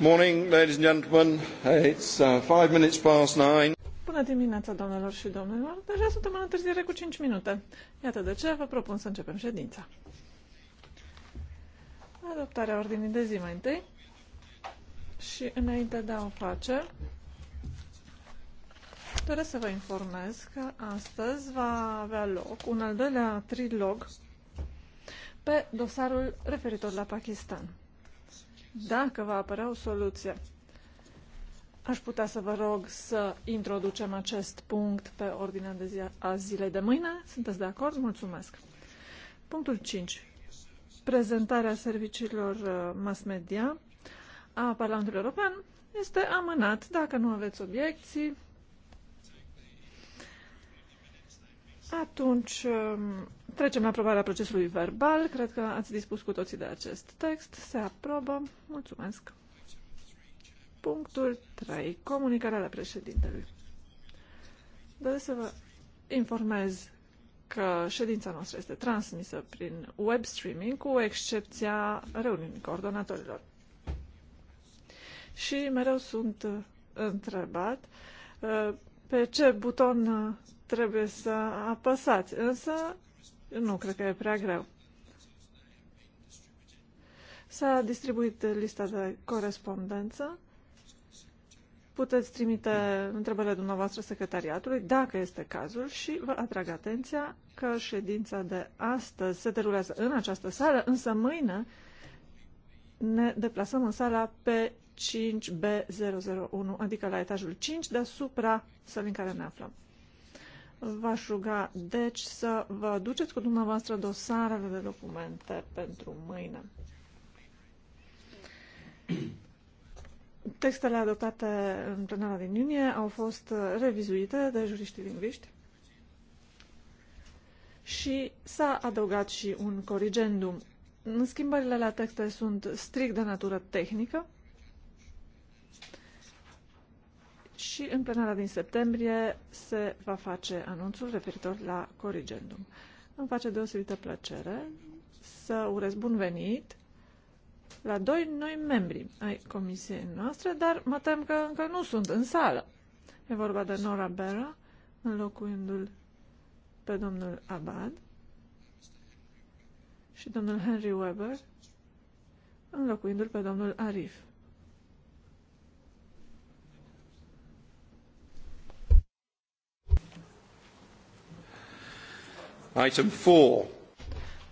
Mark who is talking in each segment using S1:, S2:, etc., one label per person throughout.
S1: Morning, ladies and gentlemen. It's uh, five minutes past nine. Bună dimineața, doamnelor și domnilor. Deja suntem în întârziere cu 5 minute. Iată de ce vă propun să începem ședința. Adoptarea ordinii de zi mai întâi. Și înainte de a o face, doresc să vă informez că astăzi va avea loc un al doilea trilog pe dosarul referitor la Pakistan dacă va apărea o soluție. Aș putea să vă rog să introducem acest punct pe ordinea de zi a zilei de mâine. Sunteți de acord? Mulțumesc. Punctul 5. Prezentarea serviciilor uh, mass media a Parlamentului European este amânat. Dacă nu aveți obiecții, atunci um, Trecem la aprobarea procesului verbal. Cred că ați dispus cu toții de acest text. Se aprobă. Mulțumesc. Punctul 3. Comunicarea la președintelui. Doresc să vă informez că ședința noastră este transmisă prin web streaming, cu excepția reuniunii coordonatorilor. Și mereu sunt uh, întrebat uh, pe ce buton uh, trebuie să apăsați. Însă nu, cred că e prea greu. S-a distribuit lista de corespondență. Puteți trimite întrebările dumneavoastră secretariatului, dacă este cazul, și vă atrag atenția că ședința de astăzi se derulează în această sală, însă mâine ne deplasăm în sala pe 5B001, adică la etajul 5 deasupra sălii în care ne aflăm. V-aș ruga, deci, să vă duceți cu dumneavoastră dosarele de documente pentru mâine. Textele adoptate în plenara din iunie au fost revizuite de juriștii lingviști și s-a adăugat și un corigendum. Schimbările la texte sunt strict de natură tehnică și în plenara din septembrie se va face anunțul referitor la Corrigendum. Îmi face deosebită plăcere să urez bun venit la doi noi membri ai comisiei noastre, dar mă tem că încă nu sunt în sală. E vorba de Nora Bera, înlocuindu-l pe domnul Abad și domnul Henry Weber, înlocuindu-l pe domnul Arif.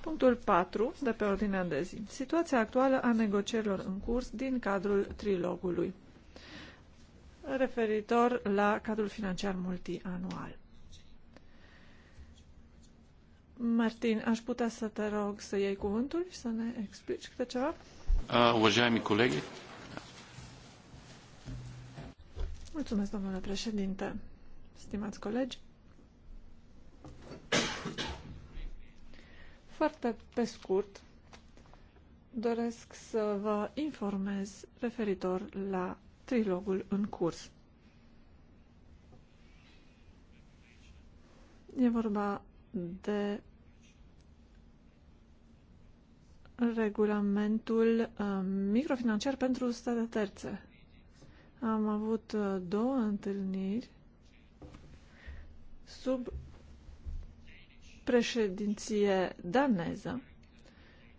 S1: Punctul 4 de pe ordinea de zi. Situația actuală a negocierilor în curs din cadrul trilogului referitor la cadrul financiar multianual. Martin, aș putea să te rog să iei cuvântul și să ne explici câte ceva?
S2: Uh, уважаемые colegi.
S1: Mulțumesc, domnule președinte. Stimați colegi, Foarte pe scurt, doresc să vă informez referitor la trilogul în curs. E vorba de regulamentul uh, microfinanciar pentru state terțe. Am avut uh, două întâlniri sub președinție daneză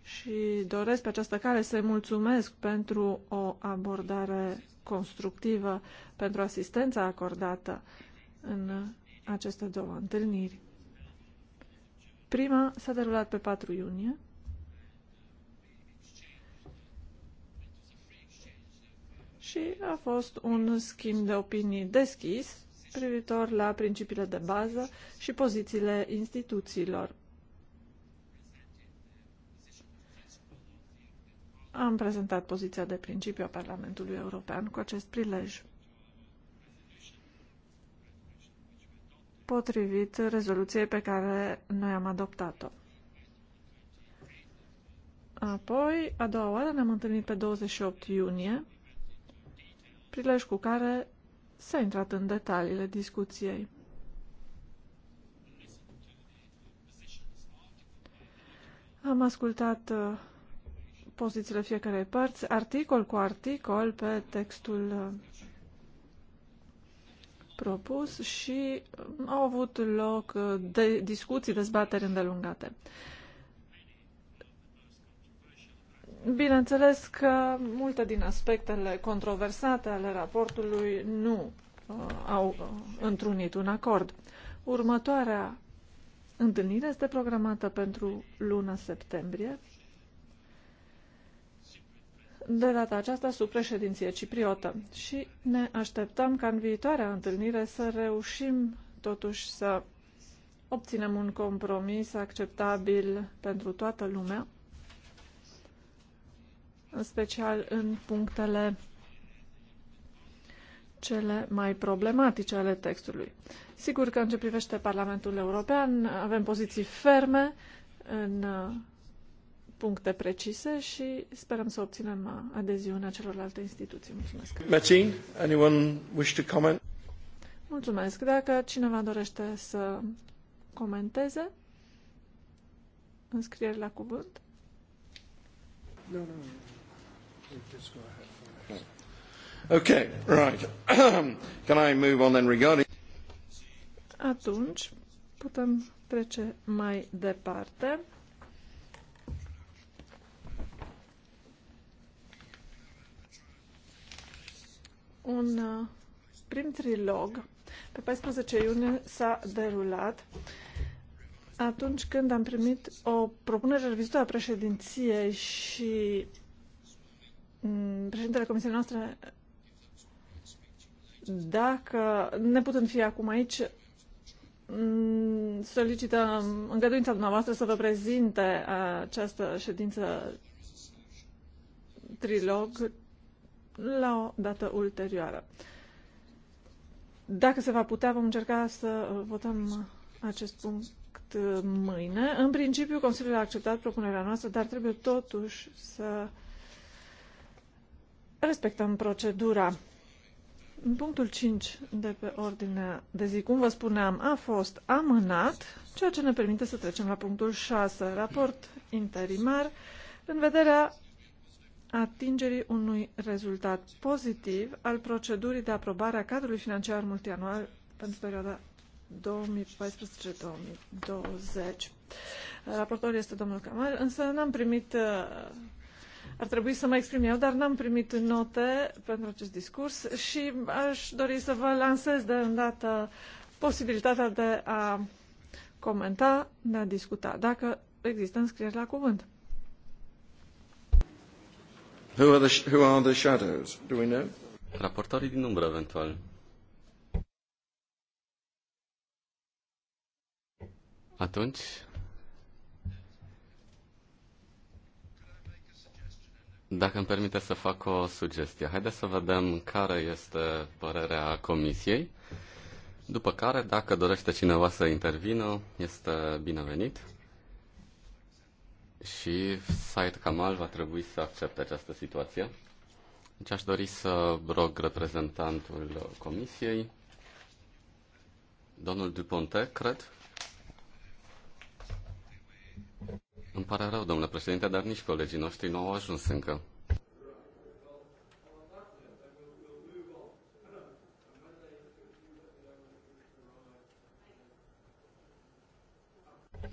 S1: și doresc pe această cale să-i mulțumesc pentru o abordare constructivă, pentru asistența acordată în aceste două întâlniri. Prima s-a derulat pe 4 iunie. Și a fost un schimb de opinii deschis privitor la principiile de bază și pozițiile instituțiilor. Am prezentat poziția de principiu a Parlamentului European cu acest prilej. potrivit rezoluției pe care noi am adoptat-o. Apoi, a doua oară ne-am întâlnit pe 28 iunie, prilej cu care s-a intrat în detaliile discuției. Am ascultat uh, pozițiile fiecarei părți, articol cu articol, pe textul uh, propus și uh, au avut loc de discuții, dezbateri îndelungate. Bineînțeles că multe din aspectele controversate ale raportului nu uh, au uh, întrunit un acord. Următoarea întâlnire este programată pentru luna septembrie, de data aceasta sub președinție cipriotă și ne așteptăm ca în viitoarea întâlnire să reușim totuși să obținem un compromis acceptabil pentru toată lumea în special în punctele cele mai problematice ale textului. Sigur că în ce privește Parlamentul European avem poziții ferme în uh, puncte precise și sperăm să obținem uh, adeziunea celorlalte instituții. Mulțumesc. Martin, anyone wish to comment? Mulțumesc. Dacă cineva dorește să comenteze, înscrieri la cuvânt.
S3: Nu, no, nu, no, No.
S1: Okay, right. Can I move on then regarding... Atunci putem trece mai departe. Un uh, prim trilog pe 14 iunie s-a derulat atunci când am primit o propunere revizuită a președinției și Mm, președintele comisiei noastre, dacă ne putem fi acum aici, mm, solicită îngăduința dumneavoastră să vă prezinte uh, această ședință trilog la o dată ulterioară. Dacă se va putea, vom încerca să votăm acest punct mâine. În principiu, Consiliul a acceptat propunerea noastră, dar trebuie totuși să respectăm procedura. În punctul 5 de pe ordinea de zi, cum vă spuneam, a fost amânat, ceea ce ne permite să trecem la punctul 6, raport interimar, în vederea atingerii unui rezultat pozitiv al procedurii de aprobare a cadrului financiar multianual pentru perioada 2014-2020. Raportorul este domnul Camar, însă n-am primit uh, ar trebui să mă exprim eu, dar n-am primit note pentru acest discurs și aș dori să vă lansez de îndată posibilitatea de a comenta, de a discuta, dacă există înscrieri la cuvânt. Who are the, who are the shadows? Do we know?
S2: Raportorii din umbră, eventual. Atunci, Dacă îmi permite să fac o sugestie, haideți să vedem care este părerea Comisiei, după care, dacă dorește cineva să intervină, este binevenit și site Kamal va trebui să accepte această situație. Deci aș dori să rog reprezentantul Comisiei, domnul Duponte, cred, Îmi pare rău, domnule președinte, dar nici colegii noștri nu au ajuns încă.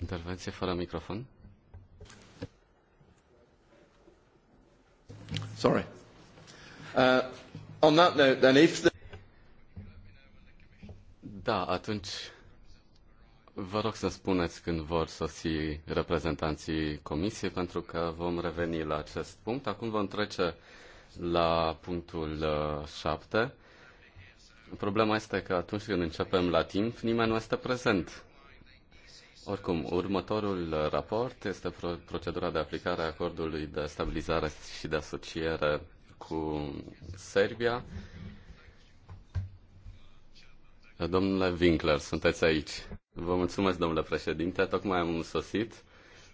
S2: Intervenție fără microfon. Sorry. Uh, on that note, then if the... Da, atunci Vă rog să spuneți când vor sosi reprezentanții comisiei, pentru că vom reveni la acest punct. Acum vom trece la punctul 7. Uh, Problema este că atunci când începem la timp, nimeni nu este prezent. Oricum, următorul uh, raport este procedura de aplicare a acordului de stabilizare și de asociere cu Serbia. Domnule Winkler, sunteți aici. Vă mulțumesc, domnule președinte. Tocmai am sosit,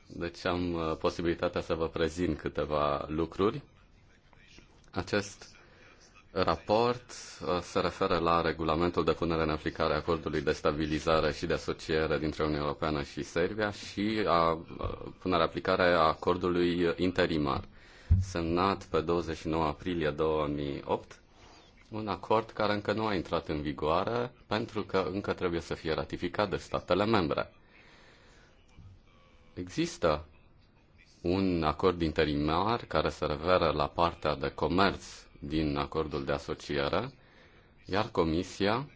S2: deci am uh, posibilitatea să vă prezint câteva lucruri. Acest raport uh, se referă la regulamentul de punere în aplicare a acordului de stabilizare și de asociere dintre Uniunea Europeană și Serbia și a uh, punerea aplicare a acordului interimar semnat pe 29 aprilie 2008 un acord care încă nu a intrat în vigoare pentru că încă trebuie să fie ratificat de statele membre. Există un acord interimar care se referă la partea de comerț din acordul de asociere, iar Comisia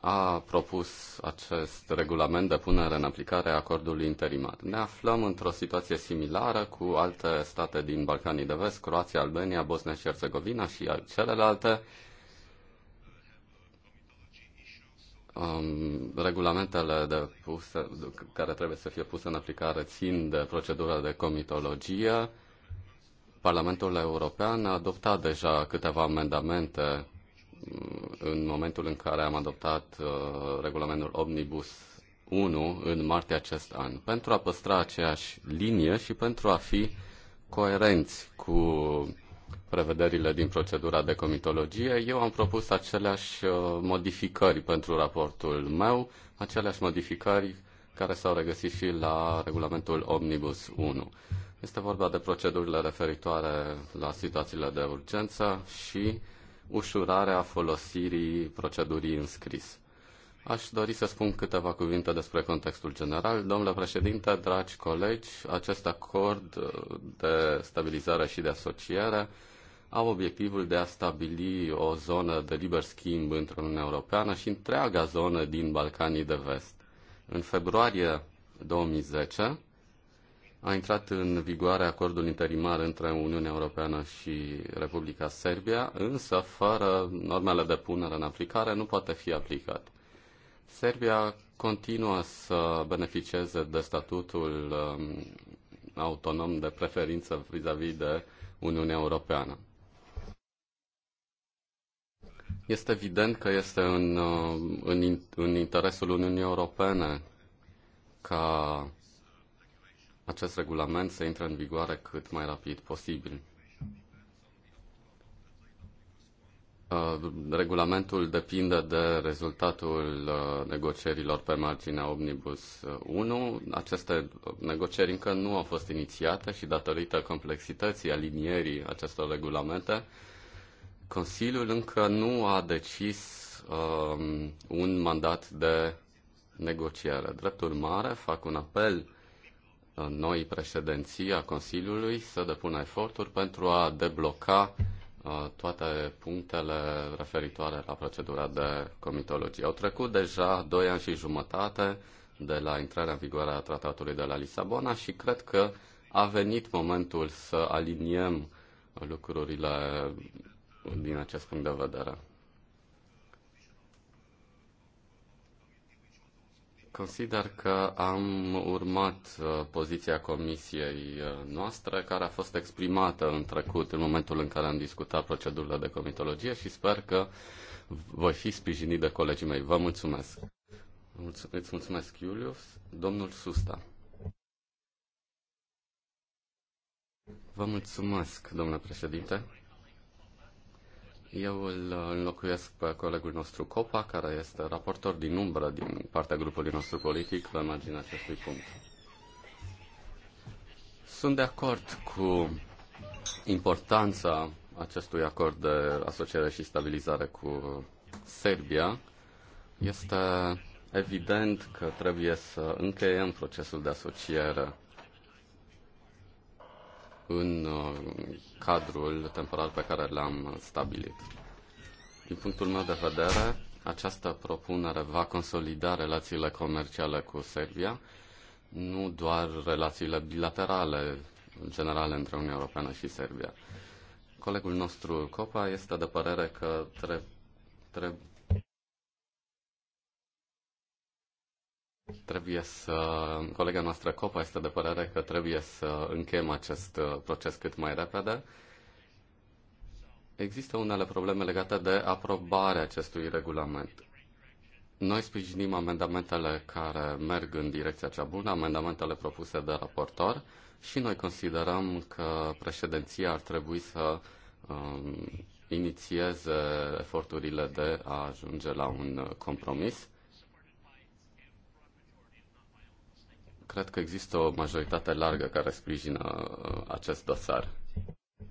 S2: a propus acest regulament de punere în aplicare a acordului interimar. Ne aflăm într-o situație similară cu alte state din Balcanii de Vest, Croația, Albania, Bosnia și Herțegovina și celelalte. Um, regulamentele de puse, care trebuie să fie puse în aplicare țin de procedura de comitologie. Parlamentul European a adoptat deja câteva amendamente în momentul în care am adoptat uh, regulamentul Omnibus 1 în martie acest an, pentru a păstra aceeași linie și pentru a fi coerenți cu prevederile din procedura de comitologie, eu am propus aceleași uh, modificări pentru raportul meu, aceleași modificări care s-au regăsit și la regulamentul Omnibus 1. Este vorba de procedurile referitoare la situațiile de urgență și ușurarea folosirii procedurii înscris. Aș dori să spun câteva cuvinte despre contextul general. Domnule președinte, dragi colegi, acest acord uh, de stabilizare și de asociere au obiectivul de a stabili o zonă de liber schimb într-o Uniune Europeană și întreaga zonă din Balcanii de Vest. În februarie 2010, a intrat în vigoare acordul interimar între Uniunea Europeană și Republica Serbia, însă fără normele de punere în aplicare nu poate fi aplicat. Serbia continuă să beneficieze de statutul um, autonom de preferință vis-a-vis -vis de Uniunea Europeană. Este evident că este în, um, în, în interesul Uniunii Europene ca acest regulament să intre în vigoare cât mai rapid posibil. Uh, regulamentul depinde de rezultatul uh, negocierilor pe marginea Omnibus 1. Uh, Aceste negocieri încă nu au fost inițiate și datorită complexității alinierii acestor regulamente, Consiliul încă nu a decis um, un mandat de negociere. Drept urmare, fac un apel noi președinții a Consiliului să depună eforturi pentru a debloca uh, toate punctele referitoare la procedura de comitologie. Au trecut deja doi ani și jumătate de la intrarea în vigoare a tratatului de la Lisabona și cred că a venit momentul să aliniem lucrurile din acest punct de vedere. Consider că am urmat uh, poziția comisiei uh, noastre, care a fost exprimată în trecut, în momentul în care am discutat procedurile de comitologie și sper că voi fi sprijinit de colegii mei. Vă mulțumesc. Îți mulțumesc, Iulius. Domnul Susta. Vă mulțumesc, domnule președinte. Eu îl înlocuiesc pe colegul nostru Copa, care este raportor din umbră din partea grupului nostru politic pe marginea acestui punct. Sunt de acord cu importanța acestui acord de asociere și stabilizare cu Serbia. Este evident că trebuie să încheiem procesul de asociere în uh, cadrul temporal pe care l-am stabilit. Din punctul meu de vedere, această propunere va consolida relațiile comerciale cu Serbia, nu doar relațiile bilaterale generale între Uniunea Europeană și Serbia. Colegul nostru, Copa, este de părere că trebuie Trebuie să... Colega noastră Copa este de părere că trebuie să încheiem acest uh, proces cât mai repede. Există unele probleme legate de aprobarea acestui regulament. Noi sprijinim amendamentele care merg în direcția cea bună, amendamentele propuse de raportor și noi considerăm că președinția ar trebui să um, inițieze eforturile de a ajunge la un uh, compromis. Cred că există o majoritate largă care sprijină uh, acest dosar.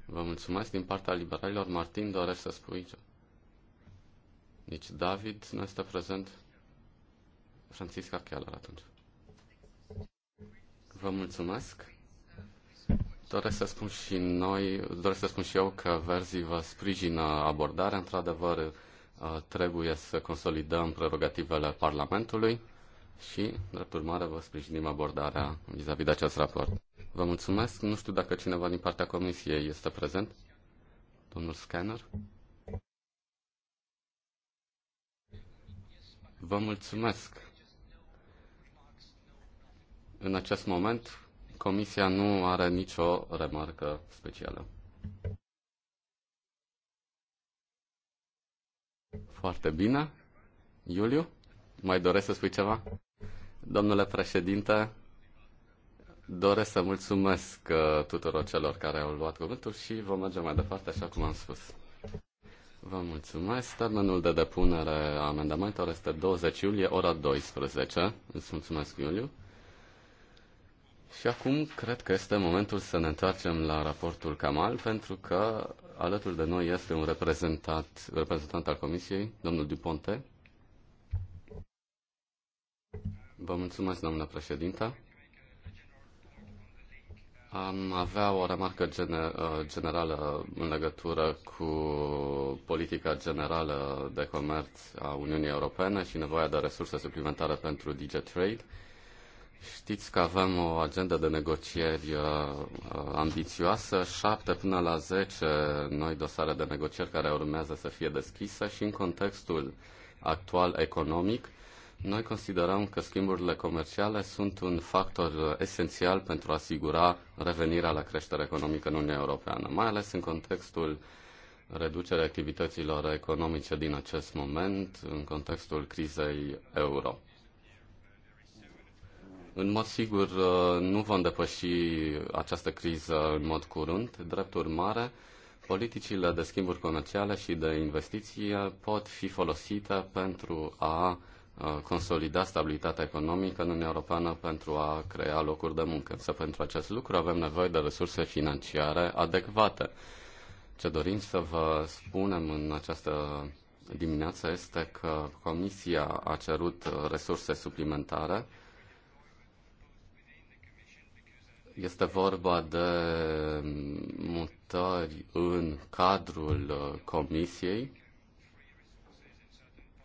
S2: Vă mulțumesc din partea liberalilor. Martin, doresc să spui? Nici David nu este prezent. Francisca Chialar atunci. Vă mulțumesc. Doresc să spun și noi, doresc să spun și eu că Verzi vă sprijină abordarea. Într-adevăr, uh, trebuie să consolidăm prerogativele Parlamentului și, drept urmare, vă sprijinim abordarea vis-a-vis -vis de acest raport. Vă mulțumesc. Nu știu dacă cineva din partea comisiei este prezent. Domnul Scanner? Vă mulțumesc. În acest moment, comisia nu are nicio remarcă specială. Foarte bine. Iuliu, mai doresc să spui ceva? Domnule președinte, doresc să mulțumesc uh, tuturor celor care au luat cuvântul și vom merge mai departe, așa cum am spus. Vă mulțumesc. Termenul de depunere a amendamentelor este 20 iulie, ora 12. Îți mulțumesc, Iuliu. Și acum cred că este momentul să ne întoarcem la raportul Camal, pentru că alături de noi este un reprezentant, reprezentant al Comisiei, domnul Duponte. Vă mulțumesc, doamnă președintă. Am avea o remarcă uh, generală în legătură cu politica generală de comerț a Uniunii Europene și nevoia de resurse suplimentare pentru DigiTrade. Știți că avem o agendă de negocieri uh, uh, ambițioasă, șapte până la zece noi dosare de negocieri care urmează să fie deschise și în contextul actual economic noi considerăm că schimburile comerciale sunt un factor esențial pentru a asigura revenirea la creștere economică în Uniunea Europeană, mai ales în contextul reducerea activităților economice din acest moment în contextul crizei euro. În mod sigur, nu vom depăși această criză în mod curând. Drept urmare, politicile de schimburi comerciale și de investiție pot fi folosite pentru a Uh, consolida stabilitatea economică în Uniunea Europeană pentru a crea locuri de muncă. Însă pentru acest lucru avem nevoie de resurse financiare adecvate. Ce dorim să vă spunem în această dimineață este că Comisia a cerut uh, resurse suplimentare. Este vorba de mutări în cadrul uh, Comisiei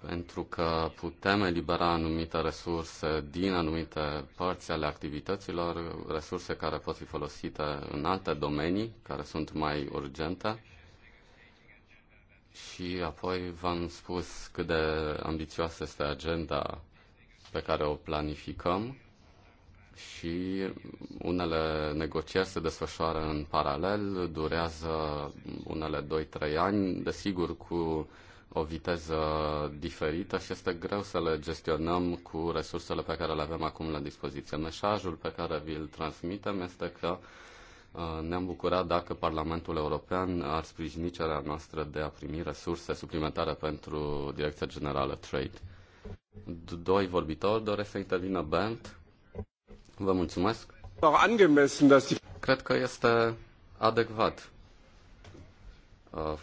S2: pentru că putem elibera anumite resurse din anumite părți ale activităților, resurse care pot fi folosite în alte domenii, care sunt mai urgente. Și apoi v-am spus cât de ambițioasă este agenda pe care o planificăm și unele negocieri se desfășoară în paralel, durează unele 2-3 ani, desigur cu o viteză diferită și este greu să le gestionăm cu resursele pe care le avem acum la dispoziție. Mesajul pe care vi-l transmitem este că uh, ne-am bucurat dacă Parlamentul European ar sprijini cererea noastră de a primi resurse suplimentare pentru Direcția Generală Trade. Doi vorbitori doresc să intervină Bent. Vă mulțumesc. Cred că este adecvat Uh,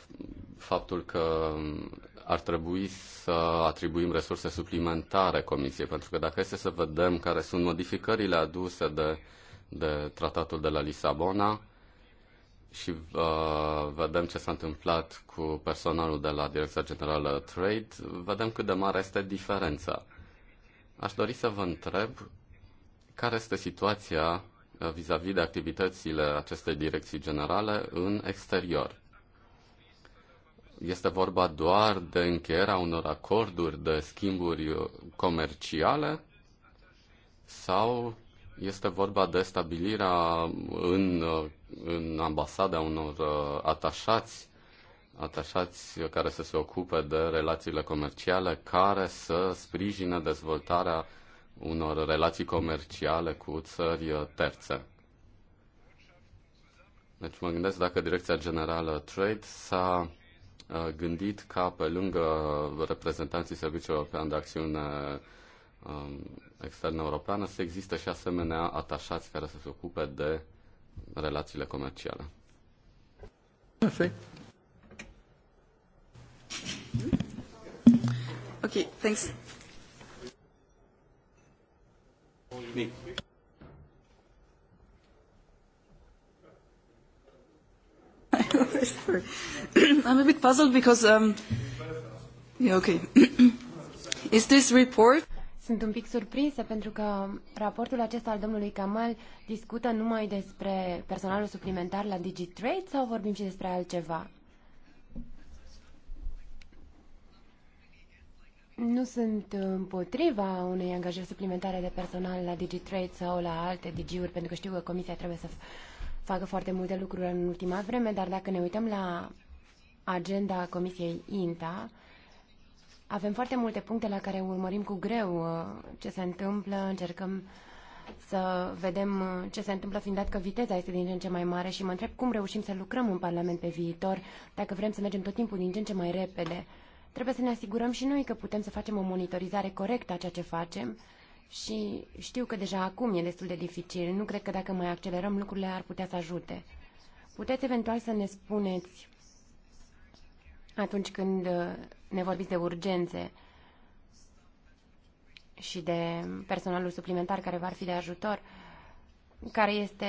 S2: faptul că ar trebui să atribuim resurse suplimentare Comisiei, pentru că dacă este să vedem care sunt modificările aduse de, de tratatul de la Lisabona și uh, vedem ce s-a întâmplat cu personalul de la Direcția Generală Trade, vedem cât de mare este diferența. Aș dori să vă întreb care este situația uh, vis-a-vis -vis de activitățile acestei direcții generale în exterior este vorba doar de încheierea unor acorduri de schimburi comerciale sau este vorba de stabilirea în, în ambasada unor uh, atașați, atașați care să se ocupe de relațiile comerciale, care să sprijine dezvoltarea unor relații comerciale cu țări terțe. Deci mă gândesc dacă Direcția Generală Trade s-a Uh, gândit ca pe lângă reprezentanții Serviciului European de Acțiune um, Externă Europeană să existe și asemenea atașați care să se ocupe de relațiile comerciale. Perfect.
S1: Ok, thanks. Me. I'm a bit puzzled because... Um, yeah, okay. Is this report...
S3: Sunt un pic surprinsă pentru că raportul acesta al domnului Kamal discută numai despre personalul suplimentar la DigiTrade sau vorbim și despre altceva? Nu sunt împotriva unei angajări suplimentare de personal la DigiTrade sau la alte DG-uri, pentru că știu că comisia trebuie să facă foarte multe lucruri în ultima vreme, dar dacă ne uităm la agenda Comisiei INTA, avem foarte multe puncte la care urmărim cu greu uh, ce se întâmplă, încercăm să vedem uh, ce se întâmplă, fiind dat că viteza este din ce în ce mai mare și mă întreb cum reușim să lucrăm în Parlament pe viitor, dacă vrem să mergem tot timpul din ce în ce mai repede. Trebuie să ne asigurăm și noi că putem să facem o monitorizare corectă a ceea ce facem și știu că deja acum e destul de dificil. Nu cred că dacă mai accelerăm lucrurile ar putea să ajute. Puteți eventual să ne spuneți atunci când uh, ne vorbiți de urgențe și de personalul suplimentar care va fi de ajutor, care este,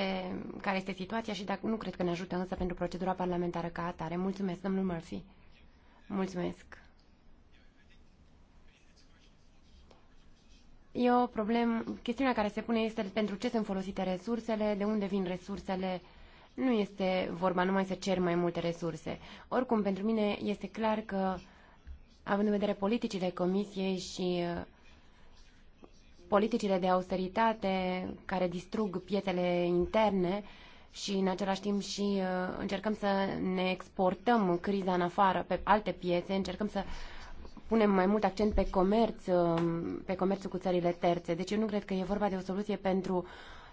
S3: care este situația și dacă nu cred că ne ajută însă pentru procedura parlamentară ca atare. Mulțumesc, domnul Murphy. Mulțumesc. E o problemă, chestiunea care se pune este pentru ce sunt folosite resursele, de unde vin resursele. Nu este vorba numai să cer mai multe resurse. Oricum, pentru mine este clar că, având în vedere politicile Comisiei și uh, politicile de austeritate care distrug piețele interne și în același timp și uh, încercăm să ne exportăm criza în afară pe alte piețe, încercăm să uh, punem mai mult accent pe comerț, um, pe comerțul cu țările terțe. Deci eu nu cred că e vorba de o soluție pentru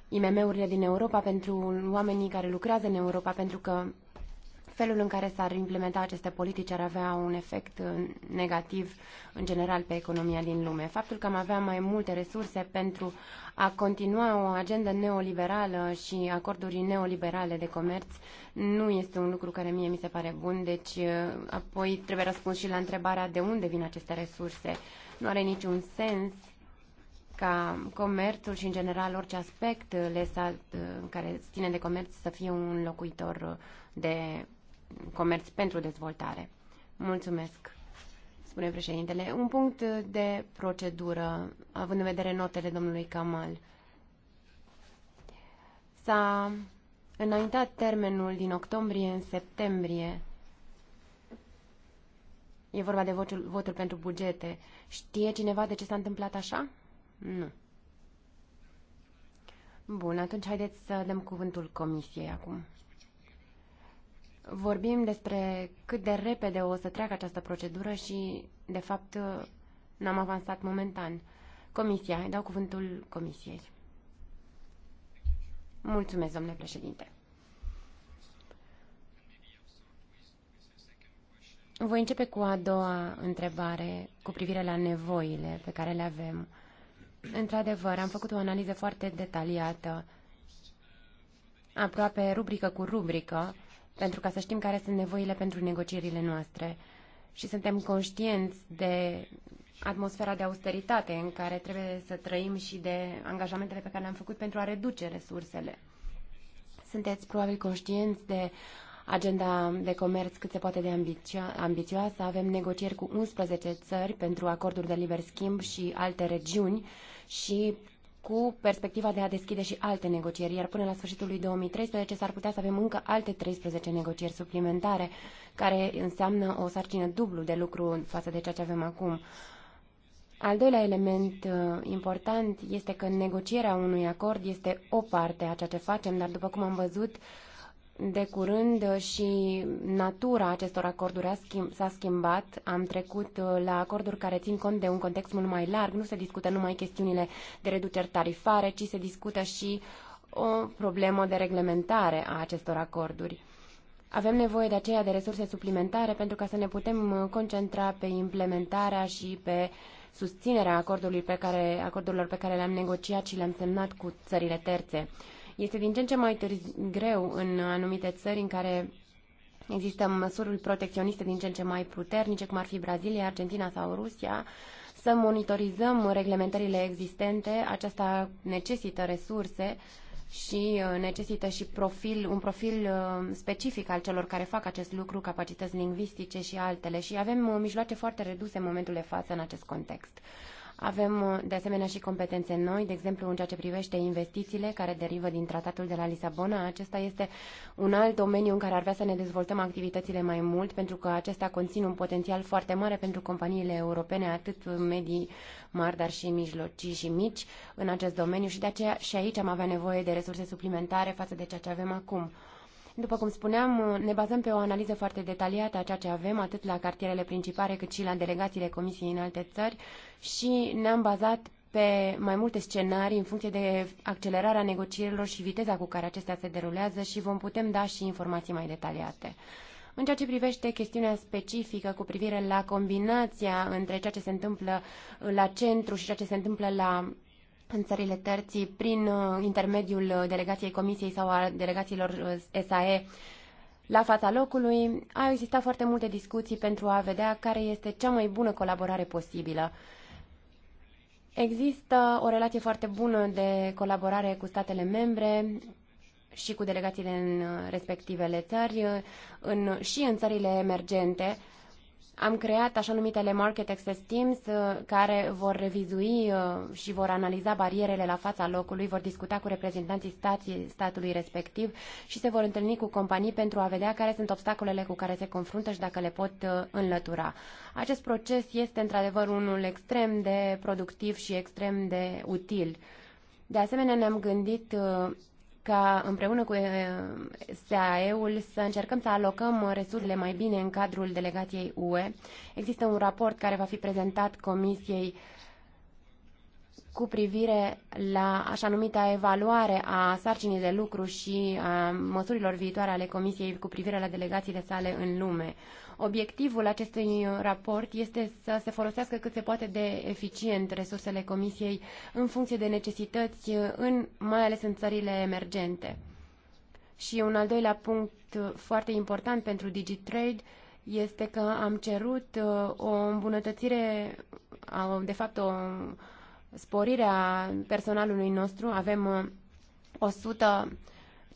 S3: IMM-urile din Europa, pentru oamenii care lucrează în Europa, pentru că felul în care s-ar implementa aceste politici ar avea un efect uh, negativ în general pe economia din lume. Faptul că am avea mai multe resurse pentru a continua o agendă neoliberală și acorduri neoliberale de comerț nu este un lucru care mie mi se pare bun, deci uh, apoi trebuie răspuns și la întrebarea de unde vin aceste resurse. Nu are niciun sens ca comerțul și, în general, orice aspect uh, lăsat care ține de comerț să fie un locuitor de comerț pentru dezvoltare. Mulțumesc, spune președintele. Un punct de procedură, având în vedere notele domnului Kamal. S-a înaintat termenul din octombrie în septembrie. E vorba de votul, votul pentru bugete. Știe cineva de ce s-a întâmplat așa? Nu. Bun, atunci haideți să dăm cuvântul comisiei acum vorbim despre cât de repede o să treacă această procedură și, de fapt, n-am avansat momentan. Comisia, îi dau cuvântul Comisiei. Mulțumesc, domnule președinte. Voi începe cu a doua întrebare cu privire la nevoile pe care le avem. Într-adevăr, am făcut o analiză foarte detaliată, aproape rubrică cu rubrică, pentru ca să știm care sunt nevoile pentru negocierile noastre. Și suntem conștienți de atmosfera de austeritate în care trebuie să trăim și de angajamentele pe care le-am făcut pentru a reduce resursele. Sunteți probabil conștienți de agenda de comerț cât se poate de ambițio- ambițioasă. Avem negocieri cu 11 țări pentru acorduri de liber schimb și alte regiuni și cu perspectiva de a deschide și alte negocieri, iar până la sfârșitul lui 2013 s-ar putea să avem încă alte 13 negocieri suplimentare, care înseamnă o sarcină dublu de lucru față de ceea ce avem acum. Al doilea element uh, important este că negocierea unui acord este o parte a ceea ce facem, dar după cum am văzut, de curând și natura acestor acorduri s-a schimbat. Am trecut uh, la acorduri care țin cont de un context mult mai larg. Nu se discută numai chestiunile de reduceri tarifare, ci se discută și o problemă de reglementare a acestor acorduri. Avem nevoie de aceea de resurse suplimentare pentru ca să ne putem uh, concentra pe implementarea și pe susținerea acordului pe care, acordurilor pe care le-am negociat și le-am semnat cu țările terțe. Este din ce în ce mai greu în anumite țări în care există măsuri protecționiste din ce în ce mai puternice, cum ar fi Brazilia, Argentina sau Rusia, să monitorizăm reglementările existente. Aceasta necesită resurse și uh, necesită și profil, un profil uh, specific al celor care fac acest lucru, capacități lingvistice și altele. Și avem uh, mijloace foarte reduse în momentul de față în acest context. Avem uh, de asemenea și competențe noi, de exemplu în ceea ce privește investițiile care derivă din tratatul de la Lisabona. Acesta este un alt domeniu în care ar vrea să ne dezvoltăm activitățile mai mult pentru că acesta conține un potențial foarte mare pentru companiile europene, atât medii mari, dar și mijlocii și mici în acest domeniu și de aceea și aici am avea nevoie de resurse suplimentare față de ceea ce avem acum. După cum spuneam, ne bazăm pe o analiză foarte detaliată a ceea ce avem, atât la cartierele principale, cât și la delegațiile Comisiei în alte țări și ne-am bazat pe mai multe scenarii în funcție de accelerarea negocierilor și viteza cu care acestea se derulează și vom putem da și informații mai detaliate. În ceea ce privește chestiunea specifică cu privire la combinația între ceea ce se întâmplă la centru și ceea ce se întâmplă la în țările terții prin uh, intermediul uh, delegației Comisiei sau a delegațiilor uh, SAE la fața locului, au existat foarte multe discuții pentru a vedea care este cea mai bună colaborare posibilă. Există o relație foarte bună de colaborare cu statele membre și cu delegațiile în respectivele țări în, și în țările emergente, am creat așa numitele Market Access Teams uh, care vor revizui uh, și vor analiza barierele la fața locului, vor discuta cu reprezentanții stații, statului respectiv și se vor întâlni cu companii pentru a vedea care sunt obstacolele cu care se confruntă și dacă le pot uh, înlătura. Acest proces este într-adevăr unul extrem de productiv și extrem de util. De asemenea, ne-am gândit ca împreună cu eh, SAE-ul să încercăm să alocăm resursele mai bine în cadrul delegației UE. Există un raport care va fi prezentat Comisiei cu privire la așa numita evaluare a sarcinii de lucru și a măsurilor viitoare ale Comisiei cu privire la delegațiile sale în lume. Obiectivul acestui raport este să se folosească cât se poate de eficient resursele Comisiei în funcție de necesități, în, mai ales în țările emergente. Și un al doilea punct foarte important pentru DigiTrade este că am cerut uh, o îmbunătățire, de fapt o sporire a personalului nostru. Avem 100 uh,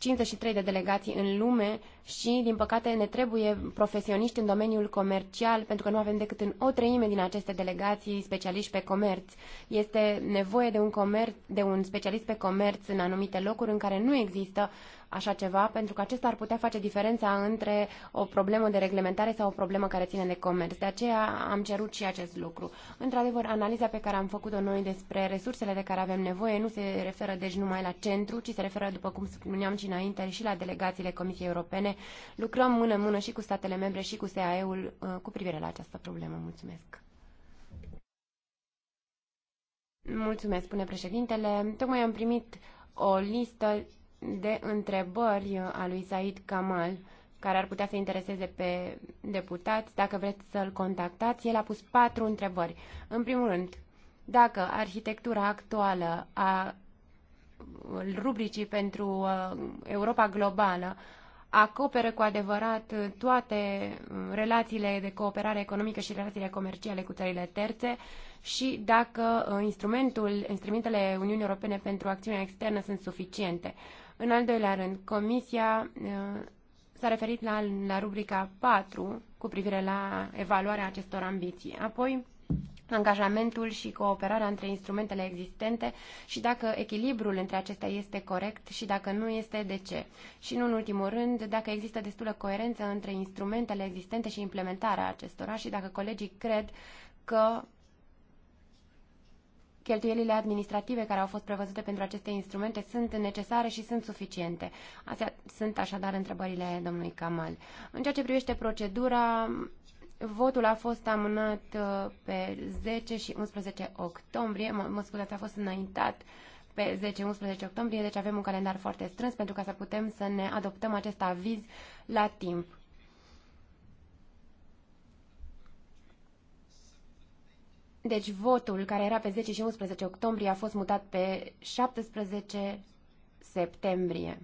S3: 53 de delegații în lume și, din păcate, ne trebuie profesioniști în domeniul comercial, pentru că nu avem decât în o treime din aceste delegații specialiști pe comerț. Este nevoie de un, comerț, de un specialist pe comerț în anumite locuri în care nu există așa ceva, pentru că acesta ar putea face diferența între o problemă de reglementare sau o problemă care ține de comerț. De aceea am cerut și acest lucru. Într-adevăr, analiza pe care am făcut-o noi despre resursele de care avem nevoie nu se referă deci numai la centru, ci se referă, după cum spuneam și înainte, și la delegațiile Comisiei Europene. Lucrăm mână-mână și cu statele membre și cu SAE-ul uh, cu privire la această problemă. Mulțumesc! Mulțumesc, spune președintele. Tocmai am primit o listă de întrebări uh, a lui Said Kamal, care ar putea să intereseze pe deputați. Dacă vreți să-l contactați, el a pus patru întrebări. În primul rând, dacă arhitectura actuală a rubricii pentru uh, Europa globală acoperă cu adevărat uh, toate relațiile de cooperare economică și relațiile comerciale cu țările terțe și dacă instrumentul, instrumentele Uniunii Europene pentru acțiunea externă sunt suficiente. În al doilea rând, Comisia uh, s-a referit la, la rubrica 4 cu privire la evaluarea acestor ambiții. Apoi, angajamentul și cooperarea între instrumentele existente și dacă echilibrul între acestea este corect și dacă nu este, de ce. Și nu în ultimul rând, dacă există destulă coerență între instrumentele existente și implementarea acestora și dacă colegii cred că cheltuielile administrative care au fost prevăzute pentru aceste instrumente sunt necesare și sunt suficiente. Astea sunt așadar întrebările domnului Kamal. În ceea ce privește procedura, votul a fost amânat uh, pe 10 și 11 octombrie, mă, scuzați, a fost înaintat pe 10-11 octombrie, deci avem un calendar foarte strâns pentru ca să putem să ne adoptăm acest aviz la timp. Deci votul care era pe 10 și 11 octombrie a fost mutat pe 17 septembrie.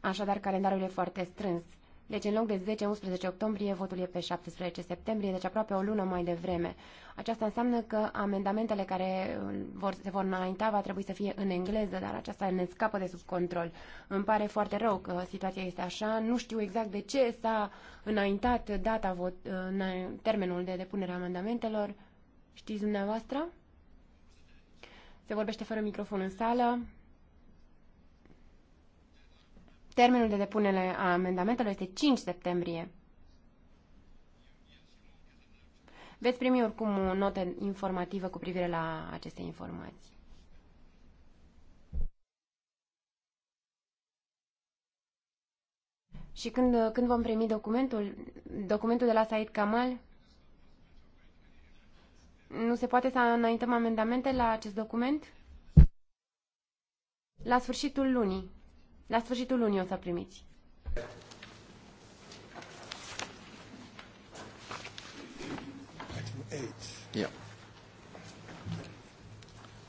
S3: Așadar, calendarul e foarte strâns. Deci în loc de 10-11 octombrie, votul e pe 17 septembrie, deci aproape o lună mai devreme. Aceasta înseamnă că amendamentele care um, vor, se vor înainta va trebui să fie în engleză, dar aceasta ne scapă de sub control. Îmi pare foarte rău că situația este așa. Nu știu exact de ce s-a înaintat data vot, uh, în termenul de depunere a amendamentelor. Știți dumneavoastră? Se vorbește fără microfon în sală. Termenul de depunere a amendamentelor este 5 septembrie. Veți primi oricum o notă informativă cu privire la aceste informații. Și când, când vom primi documentul, documentul de la Said Kamal, nu se poate să înaintăm amendamente la acest document? La sfârșitul lunii. La sfârșitul lunii o să primiți. Yeah.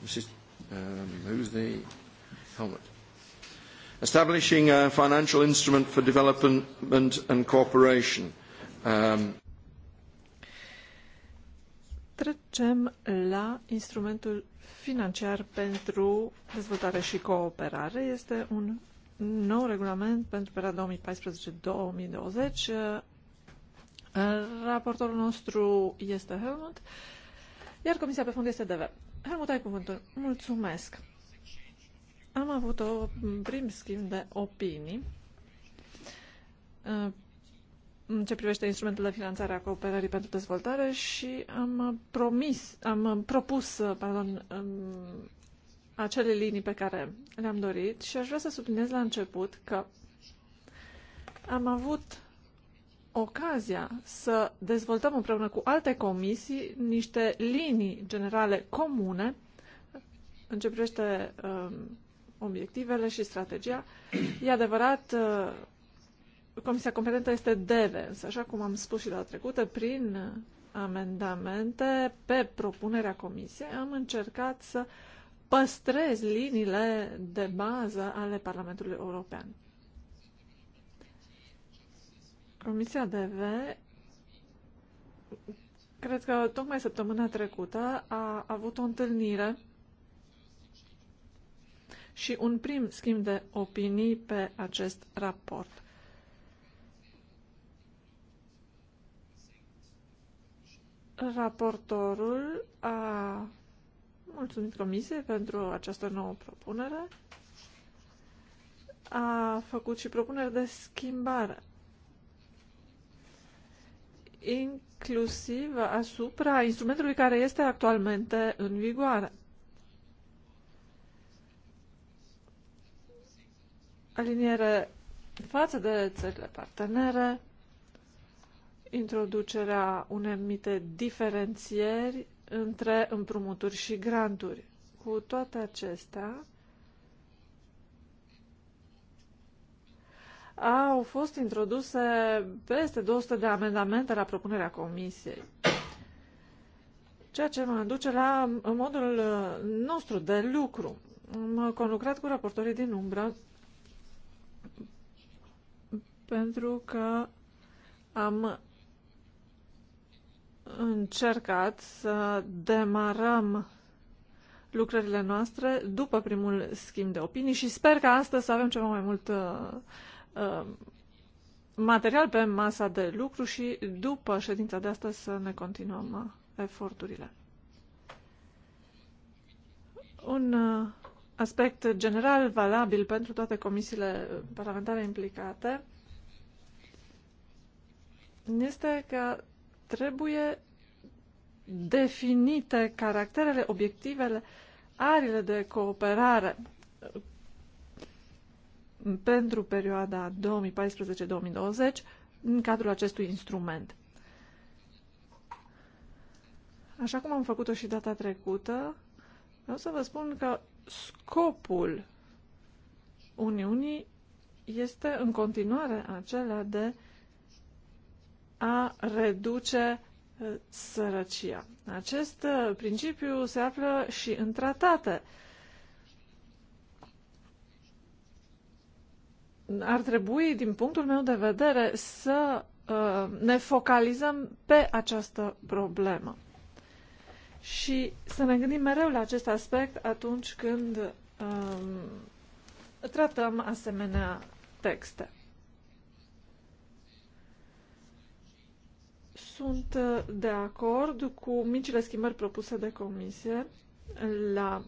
S1: Mrs. Um, who's the helmet? Establishing a financial instrument for development and cooperation. Um, Trecem la instrumentul financiar pentru dezvoltare și cooperare. Este un nou regulament pentru perioada 2014-2020. Uh, raportorul nostru este Helmut, iar Comisia pe fond este DV. Helmut, ai cuvântul. Mulțumesc. Am avut o prim schimb de opinii uh, în ce privește instrumentele de finanțare a cooperării pentru dezvoltare și am promis, am propus, uh, pardon, um, acele linii pe care le-am dorit și aș vrea să subliniez la început că am avut ocazia să dezvoltăm împreună cu alte comisii niște linii generale comune în ce privește uh, obiectivele și strategia. E adevărat, uh, comisia competentă este DEVE, însă, așa cum am spus și la trecută, prin uh, amendamente pe propunerea comisiei am încercat să uh, păstrez liniile de bază ale Parlamentului European. Comisia DV cred că tocmai săptămâna trecută a avut o întâlnire și un prim schimb de opinii pe acest raport. Raportorul a mulțumit Comisiei pentru această nouă propunere. A făcut și propuneri de schimbare, inclusiv asupra instrumentului care este actualmente în vigoare. Aliniere față de țările partenere, introducerea unei anumite diferențieri între împrumuturi și granturi. Cu toate acestea, au fost introduse peste 200 de amendamente la propunerea Comisiei. Ceea ce mă duce la modul uh, nostru de lucru. Am conlucrat cu raportorii din umbră pentru că am încercat să demarăm lucrările noastre după primul schimb de opinii și sper că astăzi să avem ceva mai mult uh, uh material pe masa de lucru și după ședința de astăzi să ne continuăm uh, eforturile. Un uh, aspect general valabil pentru toate comisiile parlamentare implicate este că Trebuie definite caracterele, obiectivele, arile de cooperare pentru perioada 2014-2020 în cadrul acestui instrument. Așa cum am făcut-o și data trecută, vreau să vă spun că scopul Uniunii este în continuare acela de a reduce uh, sărăcia. Acest uh, principiu se află și în tratate. Ar trebui, din punctul meu de vedere, să uh, ne focalizăm pe această problemă și să ne gândim mereu la acest aspect atunci când um, tratăm asemenea texte. Sunt uh, de acord cu micile schimbări propuse de comisie la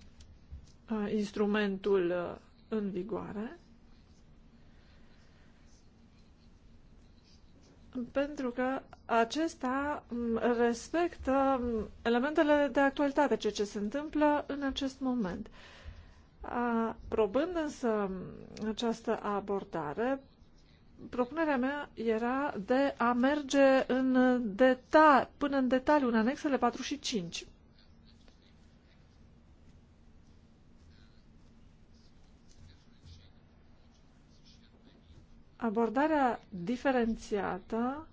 S1: uh, instrumentul uh, în vigoare, pentru că acesta mm, respectă mm, elementele de actualitate, ceea ce se întâmplă în acest moment. Probând însă mm, această abordare, propunerea mea era de a merge în deta- până în detaliu, în anexele 4 și 5. Abordarea diferențiată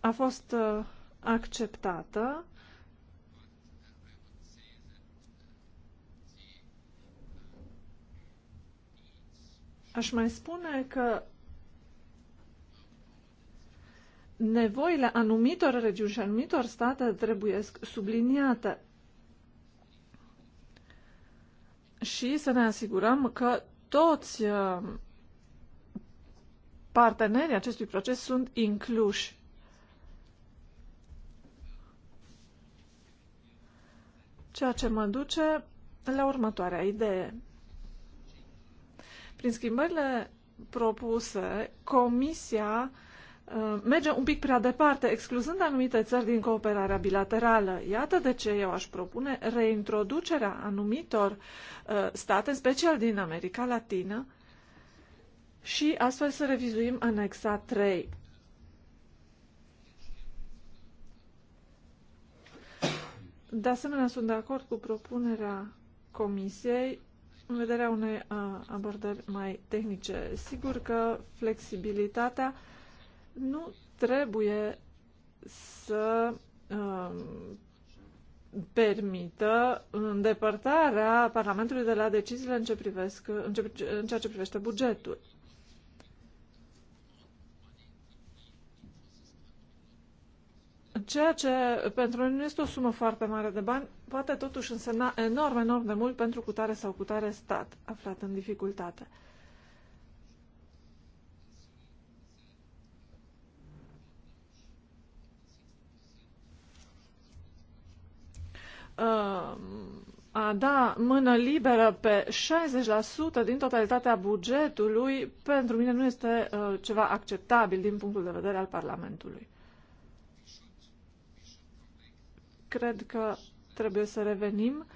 S1: a fost uh, acceptată Aș mai spune că nevoile anumitor regiuni și anumitor state trebuie subliniate și să ne asigurăm că toți uh, partenerii acestui proces sunt incluși. Ceea ce mă duce la următoarea idee. Prin schimbările propuse, Comisia uh, merge un pic prea departe, excluzând anumite țări din cooperarea bilaterală. Iată de ce eu aș propune reintroducerea anumitor uh, state, în special din America Latină, și astfel să revizuim anexa 3. De asemenea, sunt de acord cu propunerea Comisiei în vederea unei abordări mai tehnice. Sigur că flexibilitatea nu trebuie să permită îndepărtarea Parlamentului de la deciziile în ce, privesc, în, ce, în ceea ce privește bugetul. Ceea ce pentru noi nu este o sumă foarte mare de bani, poate totuși însemna enorm, enorm de mult pentru cutare sau cutare stat aflat în dificultate. a da mână liberă pe 60% din totalitatea bugetului, pentru mine nu este uh, ceva acceptabil din punctul de vedere al Parlamentului. Cred că trebuie să revenim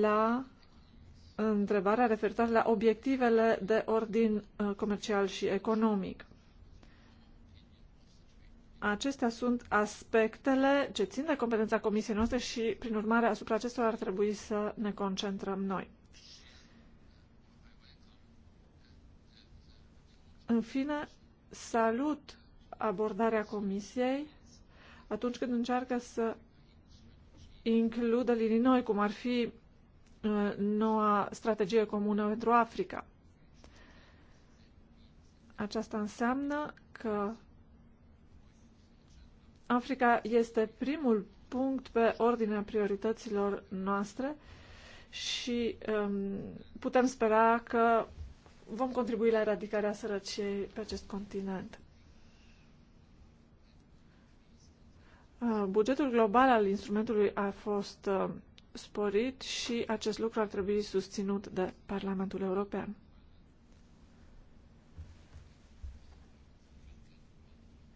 S1: la întrebarea referitoare la obiectivele de ordin uh, comercial și economic. Acestea sunt aspectele ce țin de competența comisiei noastre și, prin urmare, asupra acestora ar trebui să ne concentrăm noi. În fine, salut abordarea comisiei atunci când încearcă să includă linii noi, cum ar fi uh, noua strategie comună pentru Africa. Aceasta înseamnă că Africa este primul punct pe ordinea priorităților noastre și um, putem spera că vom contribui la eradicarea sărăciei pe acest continent. Uh, bugetul global al instrumentului a fost uh, sporit și acest lucru ar trebui susținut de Parlamentul European.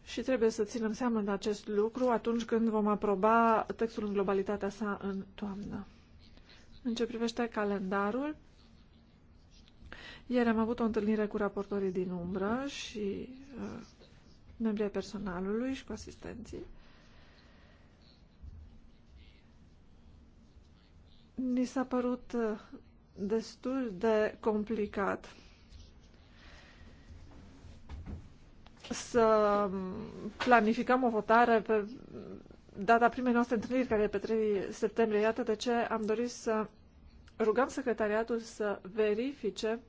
S1: Și trebuie să ținem seama de acest lucru atunci când vom aproba textul în globalitatea sa în toamnă. În ce privește calendarul, ieri am avut o întâlnire cu raportorii din umbră și uh, membrii personalului și cu asistenții. ni s-a părut uh, destul de complicat să um, planificăm o votare pe data primei noastre întâlniri, care e pe 3 septembrie. Iată de ce am dorit să rugăm secretariatul să verifice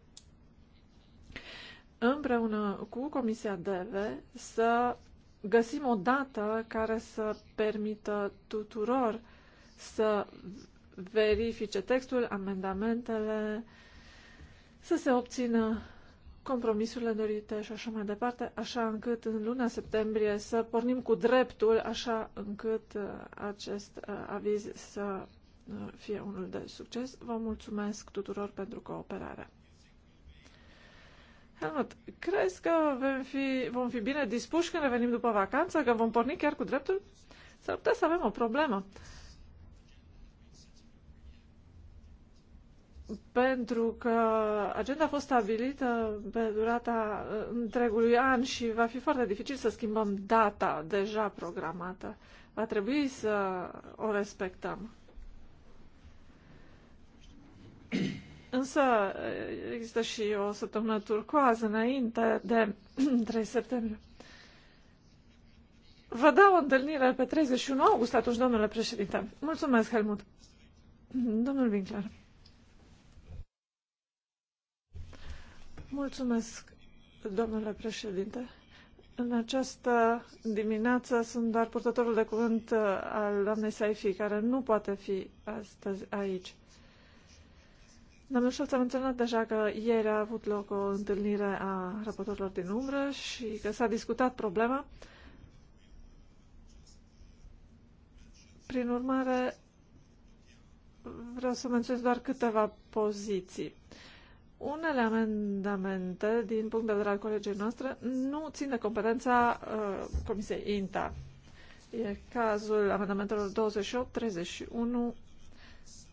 S1: împreună cu Comisia DEVE să găsim o dată care să permită tuturor să verifice textul, amendamentele, să se obțină compromisurile dorite și așa mai departe, așa încât în luna septembrie să pornim cu dreptul, așa încât uh, acest uh, aviz să uh, fie unul de succes. Vă mulțumesc tuturor pentru cooperare. Helmut, crezi că vom fi, vom fi bine dispuși când revenim după vacanță, că vom porni chiar cu dreptul? S-ar putea să avem o problemă. pentru că agenda a fost stabilită pe durata uh, întregului an și va fi foarte dificil să schimbăm data deja programată. Va trebui să o respectăm. Însă uh, există și o săptămână turcoază înainte de 3 septembrie. Vă dau o întâlnire pe 31 august, atunci, domnule președinte. Mulțumesc, Helmut. Domnul Winkler. Mulțumesc, domnule președinte. În această dimineață sunt doar purtătorul de cuvânt uh, al doamnei Saifi, care nu poate fi astăzi aici. Domnul Șolț a menționat deja că ieri a avut loc o întâlnire a raportorilor din umbră și că s-a discutat problema. Prin urmare, vreau să menționez doar câteva poziții. Uh, unele amendamente, din punct de vedere al colegii noastre, nu țin de competența uh, Comisiei INTA. E cazul amendamentelor 28, 31,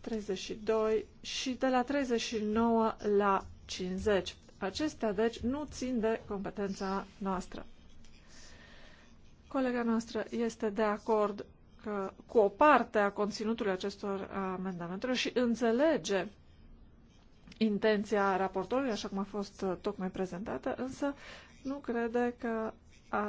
S1: 32 și de la 39 la 50. Acestea, deci, nu țin de competența noastră. Colega noastră este de acord că, cu o parte a conținutului acestor amendamente și înțelege intenția raportorului, așa cum a fost uh, tocmai prezentată, însă nu crede că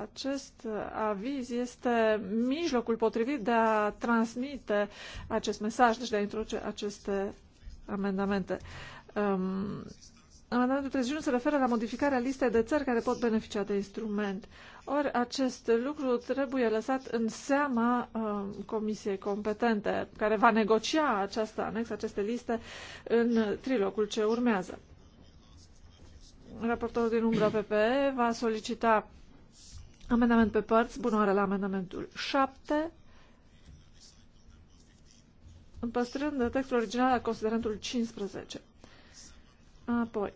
S1: acest uh, aviz este mijlocul potrivit de a transmite acest mesaj, deci de a introduce aceste amendamente. Um, Amendamentul 31 se referă la modificarea listei de țări care pot beneficia de instrument. Ori acest lucru trebuie lăsat în seama uh, comisiei competente, care va negocia această anexă, aceste liste, în trilocul ce urmează. Raportorul din umbra PPE va solicita amendament pe părți, bunoare la amendamentul 7, păstrând textul original al considerentul 15. Apoi,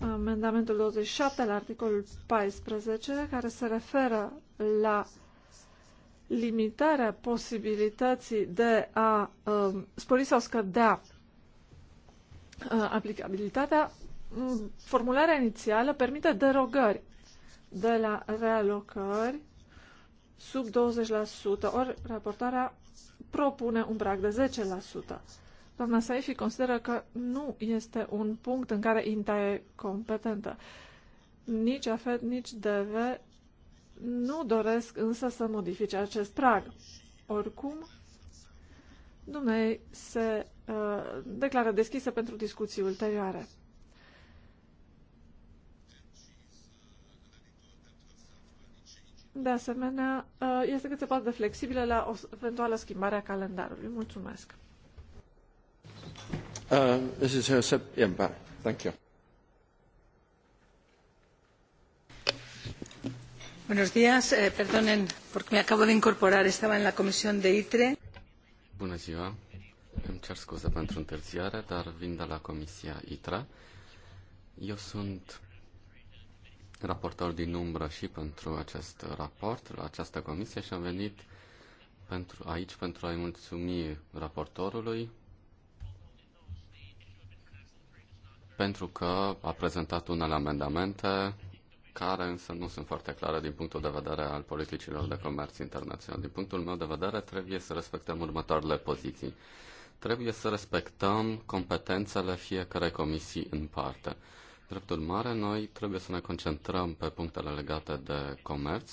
S1: amendamentul 27 la articolul 14, care se referă la limitarea posibilității de a uh, spori sau scădea uh, aplicabilitatea, mm, formularea inițială permite derogări de la realocări sub 20%, ori raportarea propune un prag de 10%. Doamna Saifi consideră că nu este un punct în care INTA e competentă. Nici AFET, nici DV nu doresc însă să modifice acest prag. Oricum, dumnei se uh, declară deschisă pentru discuții ulterioare. De asemenea, uh, este cât se poate de flexibilă la o eventuală schimbare a calendarului. Mulțumesc!
S2: Um, uh, Mrs. Hersep, yeah,
S1: bye. Thank you. Buenos días. Eh, perdonen porque me acabo de incorporar. Estaba en la comisión de ITRE.
S2: Bună ziua. Îmi cer scuze pentru întârziere, dar vin de la comisia ITRE. Eu sunt raportor din umbră și pentru acest raport, la această comisie și am venit pentru, aici pentru a-i mulțumi raportorului, pentru că a prezentat unele amendamente care însă nu sunt foarte clare din punctul de vedere al politicilor de comerț internațional. Din punctul meu de vedere, trebuie să respectăm următoarele poziții. Trebuie să respectăm competențele fiecarei comisii în parte. Drept urmare, noi trebuie să ne concentrăm pe punctele legate de comerț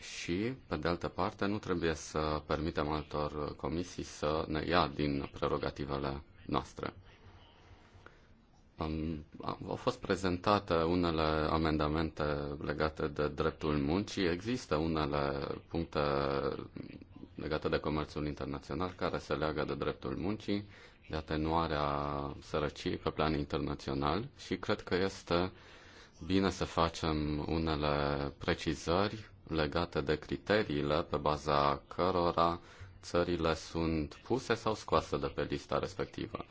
S2: și, pe de altă parte, nu trebuie să permitem altor comisii să ne ia din prerogativele noastre. au fost prezentate unele amendamente legate de dreptul muncii. Există unele puncte legate de comerțul internațional care se leagă de dreptul muncii, de atenuarea sărăciei pe plan internațional și cred că este bine să facem unele precizări legate de criteriile pe baza cărora țările sunt puse sau scoase de pe lista respectivă.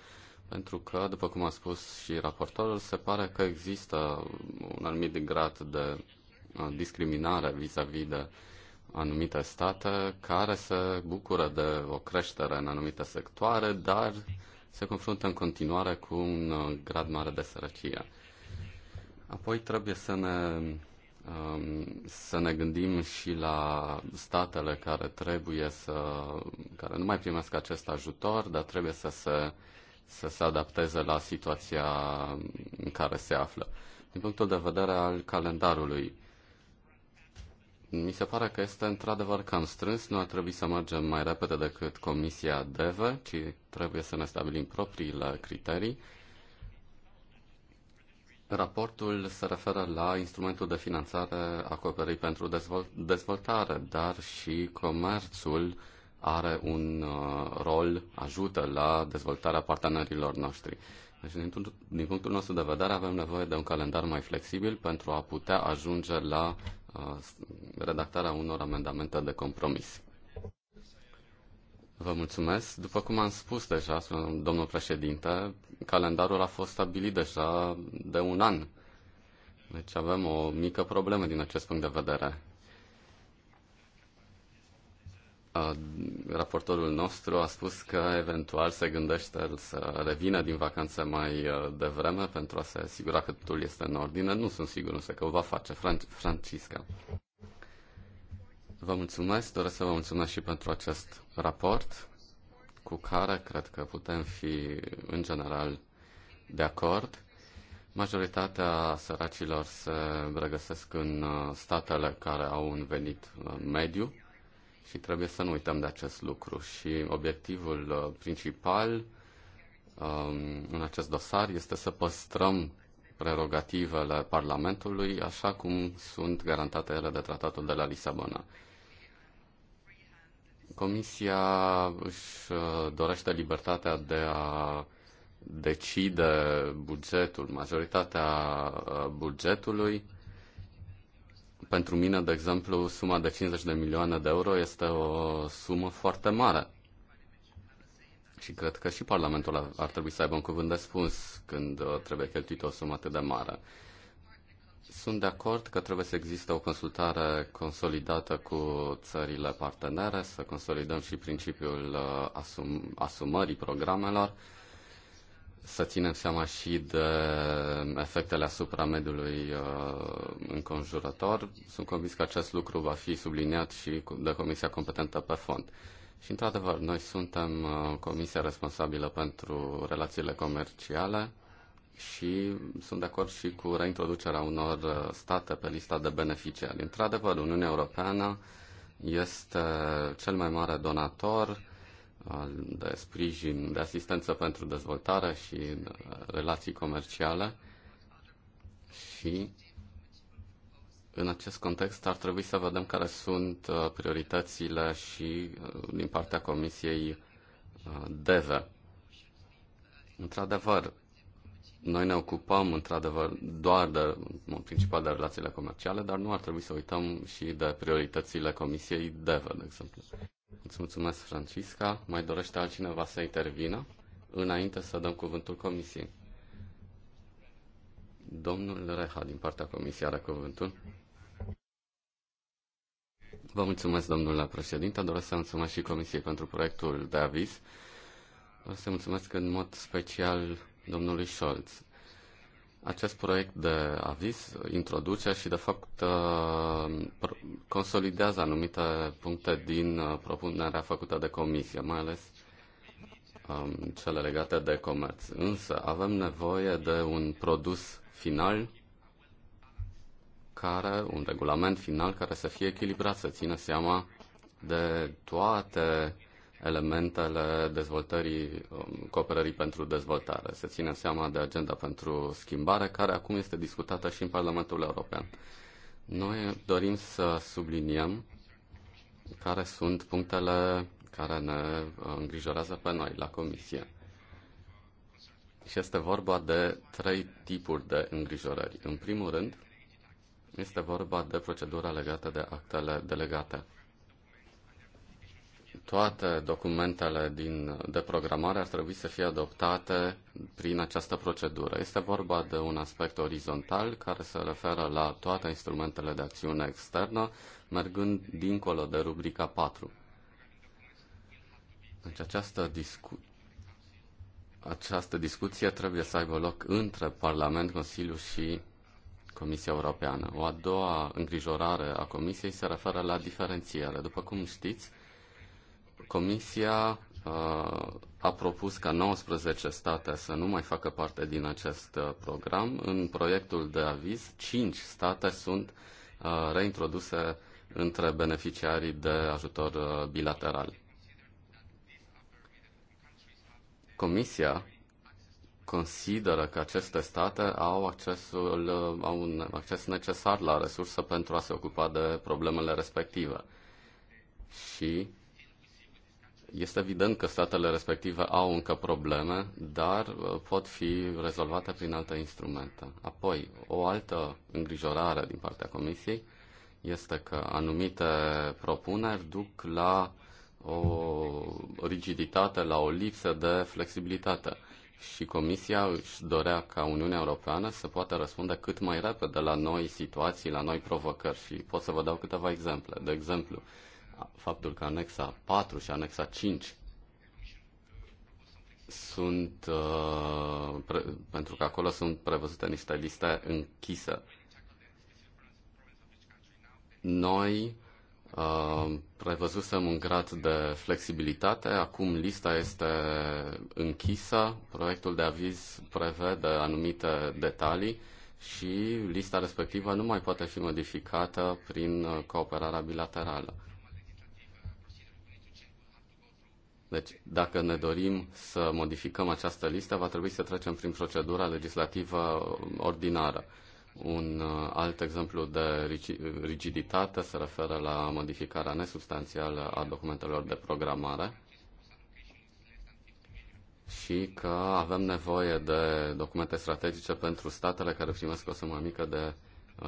S2: Pentru că, după cum a spus și raportorul, se pare că există un anumit grad de uh, discriminare vis-a-vis -vis de anumite state care se bucură de o creștere în anumite sectoare, dar se confruntă în continuare cu un uh, grad mare de sărăcie. Apoi trebuie să ne Um, să ne gândim și la statele care trebuie să, care nu mai primesc acest ajutor, dar trebuie să se, să se adapteze la situația în care se află. Din punctul de vedere al calendarului, mi se pare că este într-adevăr cam strâns, nu ar trebui să mergem mai repede decât Comisia DEVE, ci trebuie să ne stabilim propriile criterii Raportul se referă la instrumentul de finanțare acoperit pentru dezvoltare, dar și comerțul are un uh, rol, ajută la dezvoltarea partenerilor noștri. Deci, din, din punctul nostru de vedere, avem nevoie de un calendar mai flexibil pentru a putea ajunge la uh, redactarea unor amendamente de compromis. Vă mulțumesc. După cum am spus deja, domnul președinte, calendarul a fost stabilit deja de un an. Deci avem o mică problemă din acest punct de vedere. Raportorul nostru a spus că eventual se gândește să revină din vacanțe mai devreme pentru a se asigura că totul este în ordine. Nu sunt sigur însă că o va face. Fran- Francisca. Vă mulțumesc, doresc să vă mulțumesc și pentru acest raport cu care cred că putem fi în general de acord. Majoritatea săracilor se regăsesc în uh, statele care au un venit uh, mediu și trebuie să nu uităm de acest lucru. Și obiectivul uh, principal um, în acest dosar este să păstrăm prerogativele Parlamentului așa cum sunt garantate ele de Tratatul de la Lisabona. Comisia își uh, dorește libertatea de a decide bugetul, majoritatea uh, bugetului. Pentru mine, de exemplu, suma de 50 de milioane de euro este o sumă foarte mare. Și cred că și Parlamentul ar trebui să aibă un cuvânt de spus când uh, trebuie cheltuită o sumă atât de mare. Sunt de acord că trebuie să existe o consultare consolidată cu țările partenere, să consolidăm și principiul uh, asum- asumării programelor, să ținem seama și de efectele asupra mediului uh, înconjurător. Sunt convins că acest lucru va fi subliniat și de Comisia competentă pe fond. Și, într-adevăr, noi suntem uh, comisia responsabilă pentru relațiile comerciale și sunt de acord și cu reintroducerea unor uh, state pe lista de beneficiari. Într-adevăr, Uniunea Europeană este cel mai mare donator uh, de sprijin, de asistență pentru dezvoltare și uh, relații comerciale și în acest context ar trebui să vedem care sunt prioritățile și din partea Comisiei DEVE. Într-adevăr, noi ne ocupăm, într-adevăr, doar de, în principal de relațiile comerciale, dar nu ar trebui să uităm și de prioritățile Comisiei DEVE, de exemplu. Îți mulțumesc, Francisca. Mai dorește altcineva să intervină înainte să dăm cuvântul Comisiei? Domnul Reha, din partea Comisiei, are cuvântul. Vă mulțumesc, domnule președinte. Doresc să mulțumesc și Comisiei pentru proiectul de aviz. Doresc să mulțumesc în mod special domnului Scholz. Acest proiect de aviz introduce și, de fapt, uh, consolidează anumite puncte din uh, propunerea făcută de comisie, mai ales um, cele legate de comerț. Însă avem nevoie de un produs final care, un regulament final care să fie echilibrat, să țină seama de toate elementele dezvoltării, um, cooperării pentru dezvoltare. Se ține seama de agenda pentru schimbare, care acum este discutată și în Parlamentul European. Noi dorim să subliniem care sunt punctele care ne uh, îngrijorează pe noi la Comisie. Și este vorba de trei tipuri de îngrijorări. În primul rând, este vorba de procedura legată de actele delegate toate documentele din, de programare ar trebui să fie adoptate prin această procedură. Este vorba de un aspect orizontal care se referă la toate instrumentele de acțiune externă, mergând dincolo de rubrica 4. Deci această, discu- această discuție trebuie să aibă loc între Parlament, Consiliu și Comisia Europeană. O a doua îngrijorare a Comisiei se referă la diferențiere. După cum știți, Comisia uh, a propus ca 19 state să nu mai facă parte din acest uh, program. În proiectul de aviz, 5 state sunt uh, reintroduse între beneficiarii de ajutor bilateral. Comisia consideră că aceste state au, accesul, au un acces necesar la resurse pentru a se ocupa de problemele respective. Și este evident că statele respective au încă probleme, dar uh, pot fi rezolvate prin alte instrumente. Apoi, o altă îngrijorare din partea Comisiei este că anumite propuneri duc la o rigiditate, la o lipsă de flexibilitate. Și Comisia își dorea ca Uniunea Europeană să poată răspunde cât mai repede la noi situații, la noi provocări. Și pot să vă dau câteva exemple. De exemplu, faptul că anexa 4 și anexa 5 sunt uh, pre, pentru că acolo sunt prevăzute niște liste închise. Noi uh, prevăzusem un grad de flexibilitate, acum lista este închisă, proiectul de aviz prevede anumite detalii și lista respectivă nu mai poate fi modificată prin cooperarea bilaterală. Deci, dacă ne dorim să modificăm această listă, va trebui să trecem prin procedura legislativă ordinară. Un uh, alt exemplu de rigiditate se referă la modificarea nesubstanțială a documentelor de programare și că avem nevoie de documente strategice pentru statele care primesc o sumă mică de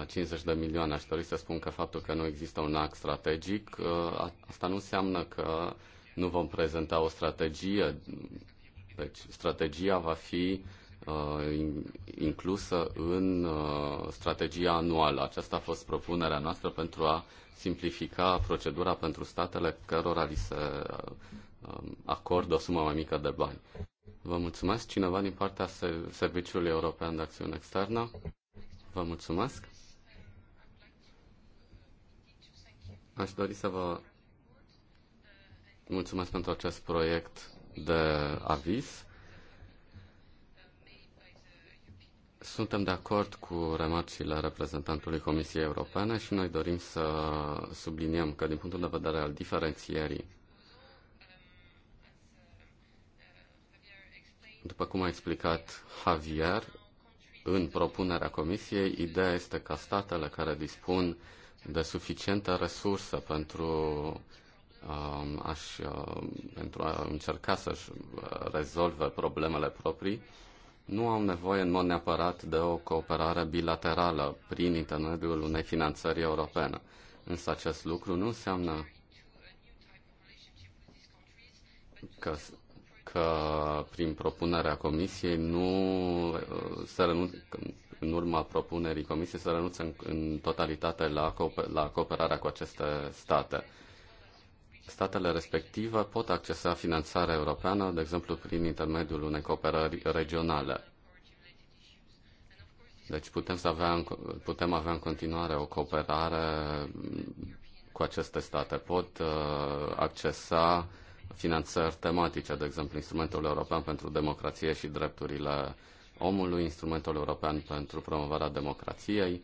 S2: 50 uh, de milioane. Aș dori să spun că faptul că nu există un act strategic, uh, asta nu înseamnă că nu vom prezenta o strategie. Deci, strategia va fi uh, inclusă în uh, strategia anuală. Aceasta a fost propunerea noastră pentru a simplifica procedura pentru statele cărora li se uh, acordă o sumă mai mică de bani. Vă mulțumesc. Cineva din partea Serviciului European de Acțiune Externă? Vă mulțumesc. Aș dori să vă mulțumesc pentru acest proiect de aviz. Suntem de acord cu remarcile reprezentantului Comisiei Europene și noi dorim să subliniem că din punctul de vedere al diferențierii, după cum a explicat Javier, în propunerea Comisiei, ideea este ca statele care dispun de suficientă resursă pentru Um, aș, uh, pentru a încerca să-și uh, rezolve problemele proprii, nu au nevoie în mod neapărat de o cooperare bilaterală prin intermediul unei finanțări europene. Însă acest lucru nu înseamnă că, că prin propunerea comisiei nu uh, se renunță, în urma propunerii comisiei să renunță în, în totalitate la, cooper, la cooperarea cu aceste state statele respective pot accesa finanțarea europeană, de exemplu, prin intermediul unei cooperări regionale. Deci putem, să avea, putem avea în continuare o cooperare cu aceste state. Pot uh, accesa finanțări tematice, de exemplu, instrumentul european pentru democrație și drepturile omului, instrumentul european pentru promovarea democrației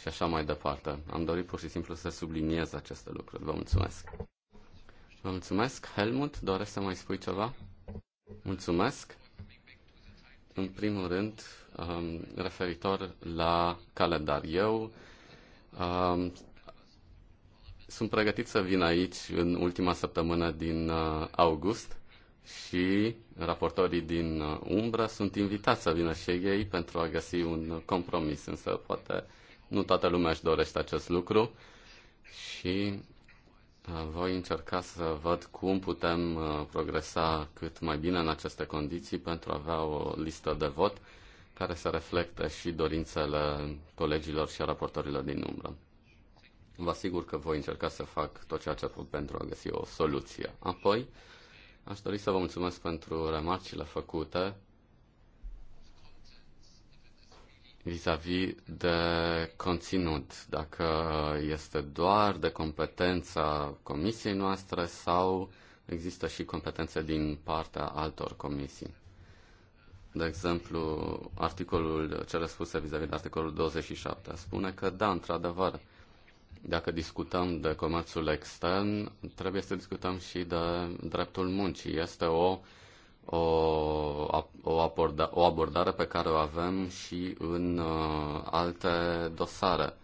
S2: și așa mai departe. Am dorit pur și simplu să subliniez aceste lucruri. Vă mulțumesc! Vă mulțumesc. Helmut, doresc să mai spui ceva? Mulțumesc. În primul rând, um, referitor la calendar. Eu um, sunt pregătit să vin aici în ultima săptămână din uh, august și raportorii din uh, umbră sunt invitați să vină și ei pentru a găsi un compromis, însă poate nu toată lumea își dorește acest lucru și voi încerca să văd cum putem uh, progresa cât mai bine în aceste condiții pentru a avea o listă de vot care să reflecte și dorințele colegilor și a raportorilor din umbră. Vă asigur că voi încerca să fac tot ceea ce pot pentru a găsi o soluție. Apoi, aș dori să vă mulțumesc pentru remarcile făcute vis-a-vis -vis de conținut, dacă este doar de competența comisiei noastre sau există și competențe din partea altor comisii. De exemplu, articolul cele spuse vis-a-vis de articolul 27 spune că, da, într-adevăr, dacă discutăm de comerțul extern, trebuie să discutăm și de dreptul muncii. Este o uh, o, o, aborda, o abordare pe care o avem și în uh, alte dosare.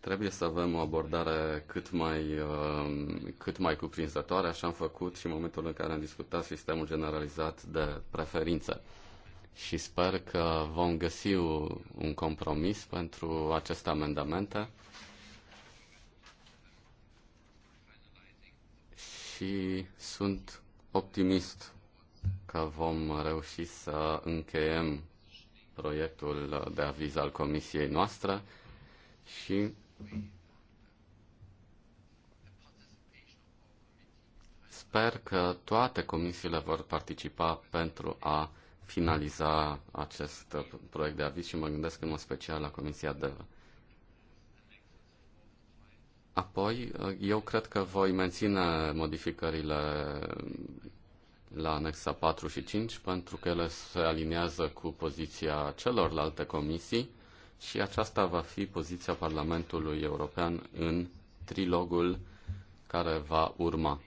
S2: Trebuie să avem o abordare cât mai, uh, cât mai cuprinzătoare, așa am făcut și în momentul în care am discutat sistemul generalizat de preferințe. Și sper că vom găsi un compromis pentru aceste amendamente și sunt optimist că vom reuși să încheiem proiectul de aviz al comisiei noastre și sper că toate comisiile vor participa pentru a finaliza acest proiect de aviz și mă gândesc în mod special la Comisia de Apoi, uh, eu cred că voi menține modificările la anexa 4 și 5 pentru că ele se aliniază cu poziția celorlalte comisii și aceasta va fi poziția Parlamentului European în trilogul care va urma.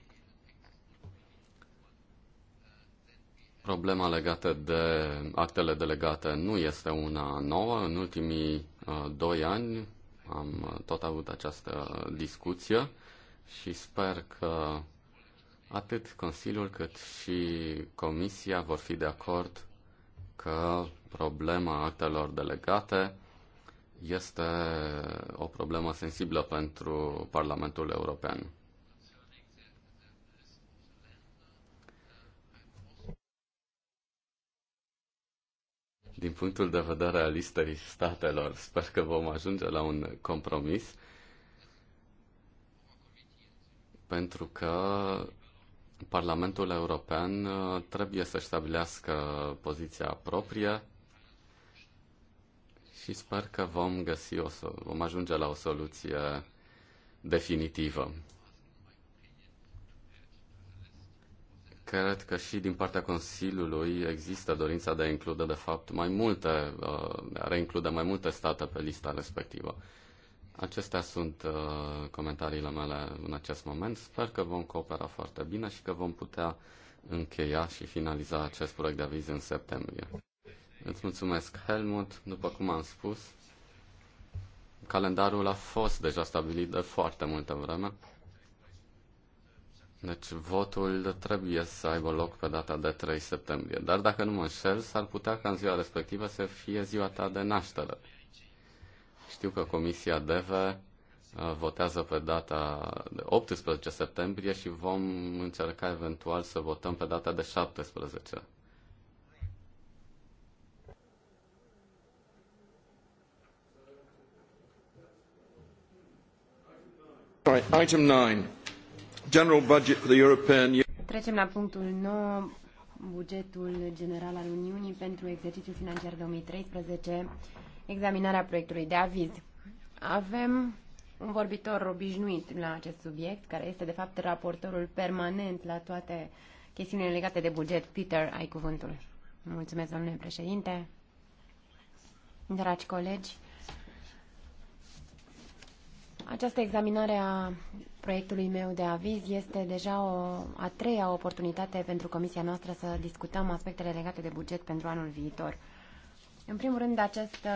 S2: Problema legată de actele delegate nu este una nouă. În ultimii uh, doi ani, am tot avut această discuție și sper că atât Consiliul cât și Comisia vor fi de acord că problema actelor delegate este o problemă sensibilă pentru Parlamentul European. din punctul de vedere al listei statelor. Sper că vom ajunge la un compromis pentru că Parlamentul European uh, trebuie să stabilească poziția proprie și sper că vom găsi o, vom ajunge la o soluție definitivă. Cred că și din partea Consiliului există dorința de a include, de fapt, mai multe, de uh, a reinclude mai multe state pe lista respectivă. Acestea sunt uh, comentariile mele în acest moment. Sper că vom coopera foarte bine și că vom putea încheia și finaliza acest proiect de aviz în septembrie. Îți mulțumesc, Helmut. După cum am spus, calendarul a fost deja stabilit de foarte multă vreme. Deci votul trebuie să aibă loc pe data de 3 septembrie. Dar dacă nu mă înșel, s-ar putea ca în ziua respectivă să fie ziua ta de naștere. Știu că Comisia DEVE uh, votează pe data de 18 septembrie și vom încerca eventual să votăm pe data de 17.
S1: Right, item 9
S3: Trecem la punctul 9, bugetul general al Uniunii pentru exercițiul financiar 2013, examinarea proiectului de aviz. Avem un vorbitor obișnuit la acest subiect, care este de fapt raportorul permanent la toate chestiunile legate de buget. Peter, ai cuvântul. Mulțumesc, domnule președinte. Dragi colegi, această examinare a proiectului meu de aviz este deja o a treia oportunitate pentru comisia noastră să discutăm aspectele legate de buget pentru anul viitor. În primul rând, această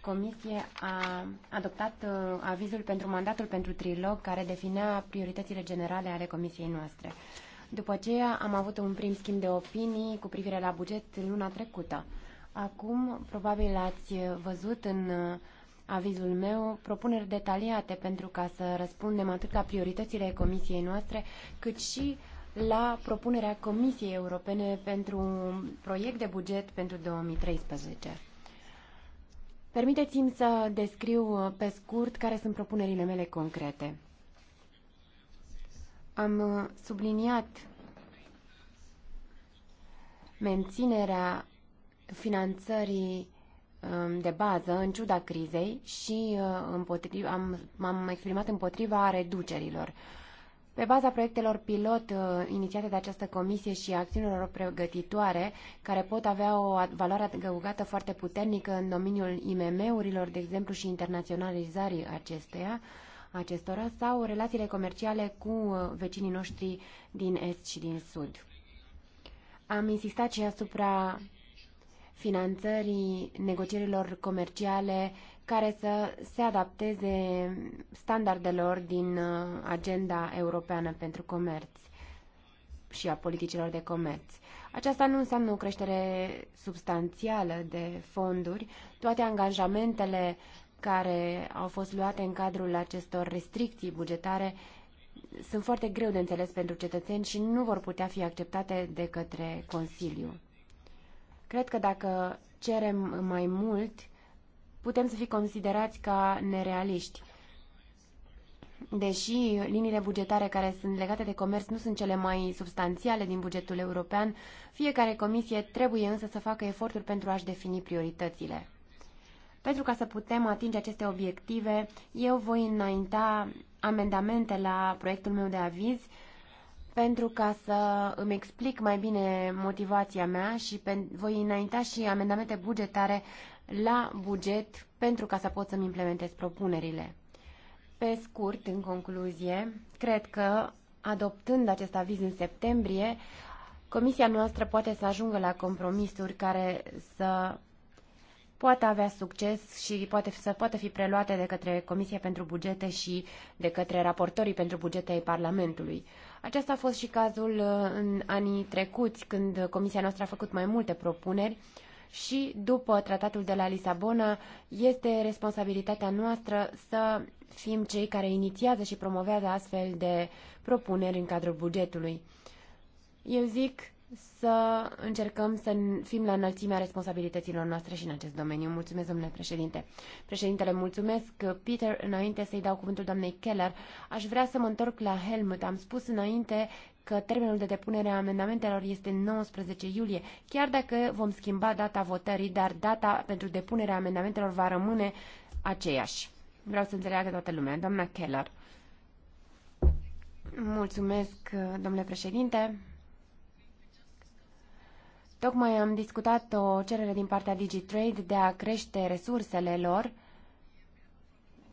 S3: comisie a adoptat uh, avizul pentru mandatul pentru trilog care definea prioritățile generale ale comisiei noastre. După aceea am avut un prim schimb de opinii cu privire la buget luna trecută. Acum, probabil ați văzut în uh, avizul meu propuneri detaliate pentru ca să răspundem atât la prioritățile comisiei noastre, cât și la propunerea Comisiei Europene pentru un proiect de buget pentru 2013. Permiteți-mi să descriu uh, pe scurt care sunt propunerile mele concrete. Am uh, subliniat menținerea finanțării Um, de bază, în ciuda crizei, și uh, împotriva, am, m-am exprimat împotriva reducerilor. Pe baza proiectelor pilot uh, inițiate de această comisie și acțiunilor pregătitoare, care pot avea o valoare adăugată foarte puternică în domeniul IMM-urilor, de exemplu, și internaționalizării acesteia, acestora, sau relațiile comerciale cu uh, vecinii noștri din Est și din Sud. Am insistat și asupra finanțării negocierilor comerciale care să se adapteze standardelor din uh, agenda europeană pentru comerț și a politicilor de comerț. Aceasta nu înseamnă o creștere substanțială de fonduri. Toate angajamentele care au fost luate în cadrul acestor restricții bugetare sunt foarte greu de înțeles pentru cetățeni și nu vor putea fi acceptate de către Consiliu. Cred că dacă cerem mai mult, putem să fi considerați ca nerealiști. Deși liniile bugetare care sunt legate de comerț nu sunt cele mai substanțiale din bugetul european, fiecare comisie trebuie însă să facă eforturi pentru a-și defini prioritățile. Pentru ca să putem atinge aceste obiective, eu voi înainta amendamente la proiectul meu de aviz pentru ca să îmi explic mai bine motivația mea și pe, voi înainta și amendamente bugetare la buget pentru ca să pot să-mi implementez propunerile. Pe scurt, în concluzie, cred că adoptând acest aviz în septembrie, comisia noastră poate să ajungă la compromisuri care să poate avea succes și poate, să poată fi preluate de către Comisia pentru Bugete și de către raportorii pentru bugete ai Parlamentului. Acesta a fost și cazul uh, în anii trecuți, când Comisia noastră a făcut mai multe propuneri și după tratatul de la Lisabona este responsabilitatea noastră să fim cei care inițiază și promovează astfel de propuneri în cadrul bugetului. Eu zic să încercăm să fim la înălțimea responsabilităților noastre și în acest domeniu. Mulțumesc, domnule președinte. Președintele, mulțumesc. Peter, înainte să-i dau cuvântul doamnei Keller, aș vrea să mă întorc la Helmut. Am spus înainte că termenul de depunere a amendamentelor este 19 iulie, chiar dacă vom schimba data votării, dar data pentru depunerea amendamentelor va rămâne aceeași. Vreau să înțeleagă toată lumea. Doamna Keller. Mulțumesc, domnule președinte. Tocmai am discutat o cerere din partea DigiTrade de a crește resursele lor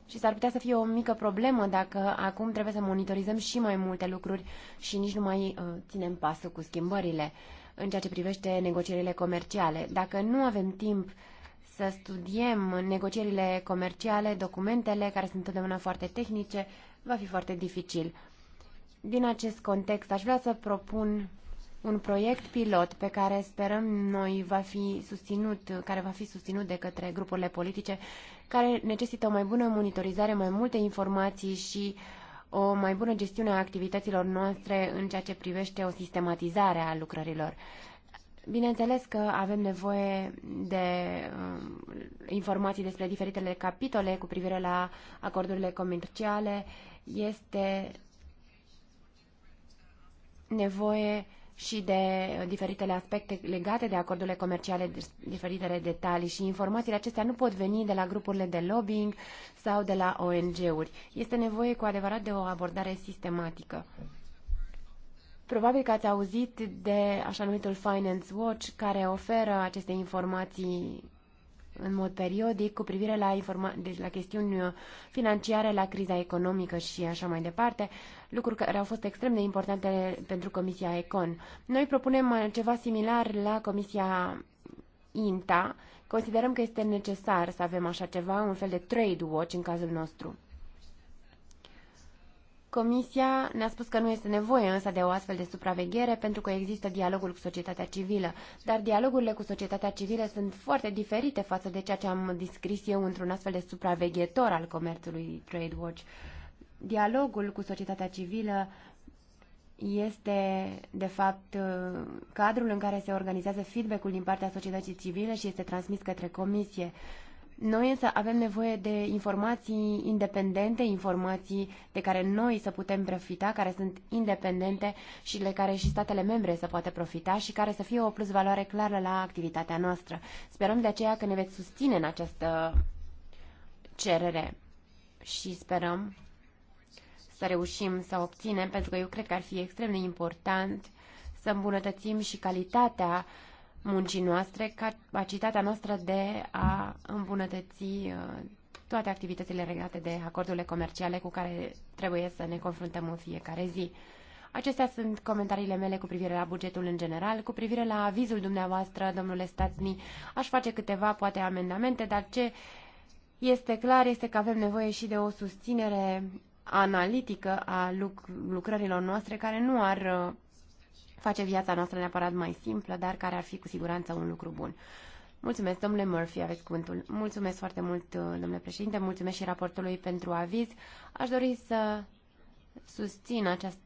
S3: și s-ar putea să fie o mică problemă dacă acum trebuie să monitorizăm și mai multe lucruri și nici nu mai uh, ținem pasul cu schimbările în ceea ce privește negocierile comerciale. Dacă nu avem timp să studiem negocierile comerciale, documentele, care sunt întotdeauna foarte tehnice, va fi foarte dificil. Din acest context, aș vrea să propun un proiect pilot pe care sperăm noi va fi susținut, care va fi susținut de către grupurile politice, care necesită o mai bună monitorizare, mai multe informații și o mai bună gestiune a activităților noastre în ceea ce privește o sistematizare a lucrărilor. Bineînțeles că avem nevoie de uh, informații despre diferitele capitole cu privire la acordurile comerciale. Este nevoie și de diferitele aspecte legate de acordurile comerciale, diferitele detalii și informațiile acestea nu pot veni de la grupurile de lobbying sau de la ONG-uri. Este nevoie cu adevărat de o abordare sistematică. Probabil că ați auzit de așa numitul Finance Watch, care oferă aceste informații în mod periodic cu privire la, informa- deci la chestiuni uh, financiare, la criza economică și așa mai departe, lucruri care au fost extrem de importante pentru Comisia Econ. Noi propunem uh, ceva similar la Comisia INTA. Considerăm că este necesar să avem așa ceva, un fel de trade watch în cazul nostru. Comisia ne-a spus că nu este nevoie însă de o astfel de supraveghere pentru că există dialogul cu societatea civilă, dar dialogurile cu societatea civilă sunt foarte diferite față de ceea ce am descris eu într-un astfel de supraveghetor al comerțului Trade Watch. Dialogul cu societatea civilă este, de fapt, cadrul în care se organizează feedback-ul din partea societății civile și este transmis către comisie. Noi însă avem nevoie de informații independente, informații de care noi să putem profita, care sunt independente și de care și statele membre să poată profita și care să fie o plus valoare clară la activitatea noastră. Sperăm de aceea că ne veți susține în această cerere și sperăm să reușim să obținem, pentru că eu cred că ar fi extrem de important să îmbunătățim și calitatea uh, muncii noastre, capacitatea noastră de a îmbunătăți uh, toate activitățile legate de acordurile comerciale cu care trebuie să ne confruntăm în fiecare zi. Acestea sunt comentariile mele cu privire la bugetul în general. Cu privire la avizul dumneavoastră, domnule Statni, aș face câteva, poate, amendamente, dar ce este clar este că avem nevoie și de o susținere analitică a lucrărilor noastre care nu ar uh, face viața noastră neapărat mai simplă, dar care ar fi cu siguranță un lucru bun. Mulțumesc, domnule Murphy, aveți cuvântul. Mulțumesc foarte mult, uh, domnule președinte, mulțumesc și raportului pentru aviz. Aș dori să susțin această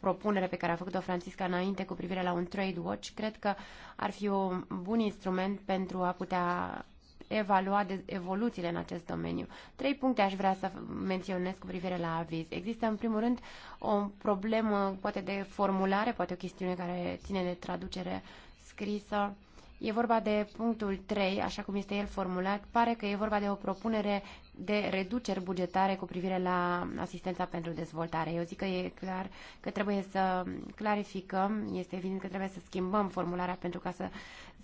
S3: propunere pe care a făcut-o Francisca înainte cu privire la un trade watch. Cred că ar fi un bun instrument pentru a putea evalua evoluțiile în acest domeniu. Trei puncte aș vrea să menționez cu privire la aviz. Există, în primul rând, o problemă poate de formulare, poate o chestiune care ține de traducere scrisă. E vorba de punctul 3, așa cum este el formulat. Pare că e vorba de o propunere de reduceri bugetare cu privire la asistența pentru dezvoltare. Eu zic că e clar că trebuie să clarificăm, este evident că trebuie să schimbăm formularea pentru ca să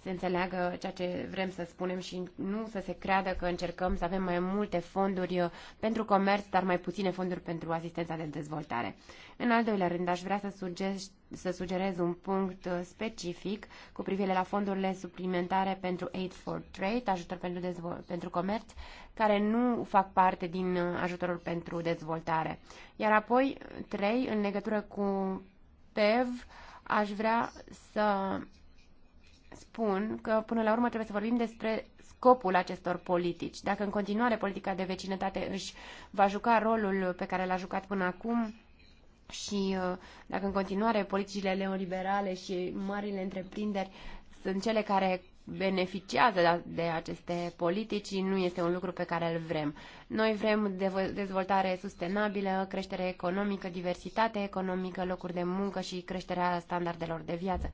S3: se înțeleagă ceea ce vrem să spunem și nu să se creadă că încercăm să avem mai multe fonduri uh, pentru comerț, dar mai puține fonduri pentru asistența de dezvoltare. În al doilea rând, aș vrea să, sugerez, să sugerez un punct uh, specific cu privire la fondurile suplimentare pentru Aid for Trade, ajutor pentru, dezvol- pentru comerț, care nu fac parte din uh, ajutorul pentru dezvoltare. Iar apoi, trei, în legătură cu PEV, aș vrea să spun că până la urmă trebuie să vorbim despre scopul acestor politici. Dacă în continuare politica de vecinătate își va juca rolul pe care l-a jucat până acum și uh, dacă în continuare politicile neoliberale și marile întreprinderi sunt cele care beneficiază de aceste politici, nu este un lucru pe care îl vrem. Noi vrem dezvoltare sustenabilă, creștere economică, diversitate economică, locuri de muncă și creșterea standardelor de viață.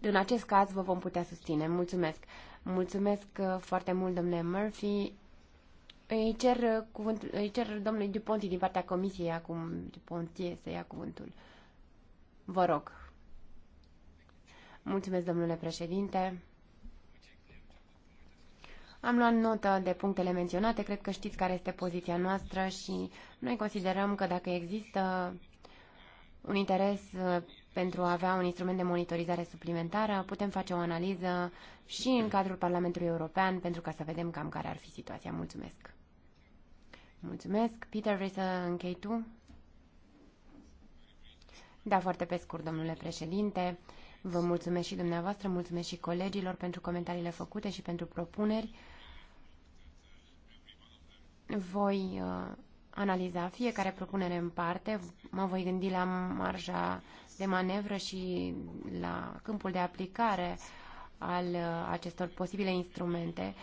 S3: În acest caz vă vom putea susține. Mulțumesc! Mulțumesc uh, foarte mult, domnule Murphy. Îi cer, uh, cuvântul, îi cer domnului Duponti din partea comisiei acum, Duponti, să ia cuvântul. Vă rog. Mulțumesc, domnule președinte. Am luat notă de punctele menționate, cred că știți care este poziția noastră și noi considerăm că dacă există un interes uh, pentru a avea un instrument de monitorizare suplimentară, putem face o analiză și în cadrul Parlamentului European pentru ca să vedem cam care ar fi situația. Mulțumesc! Mulțumesc! Peter, vrei să închei tu? Da, foarte pe scurt, domnule președinte. Vă mulțumesc și dumneavoastră, mulțumesc și colegilor pentru comentariile făcute și pentru propuneri. Voi uh, analiza fiecare propunere în parte, mă voi gândi la marja de manevră și la câmpul de aplicare al uh, acestor posibile instrumente.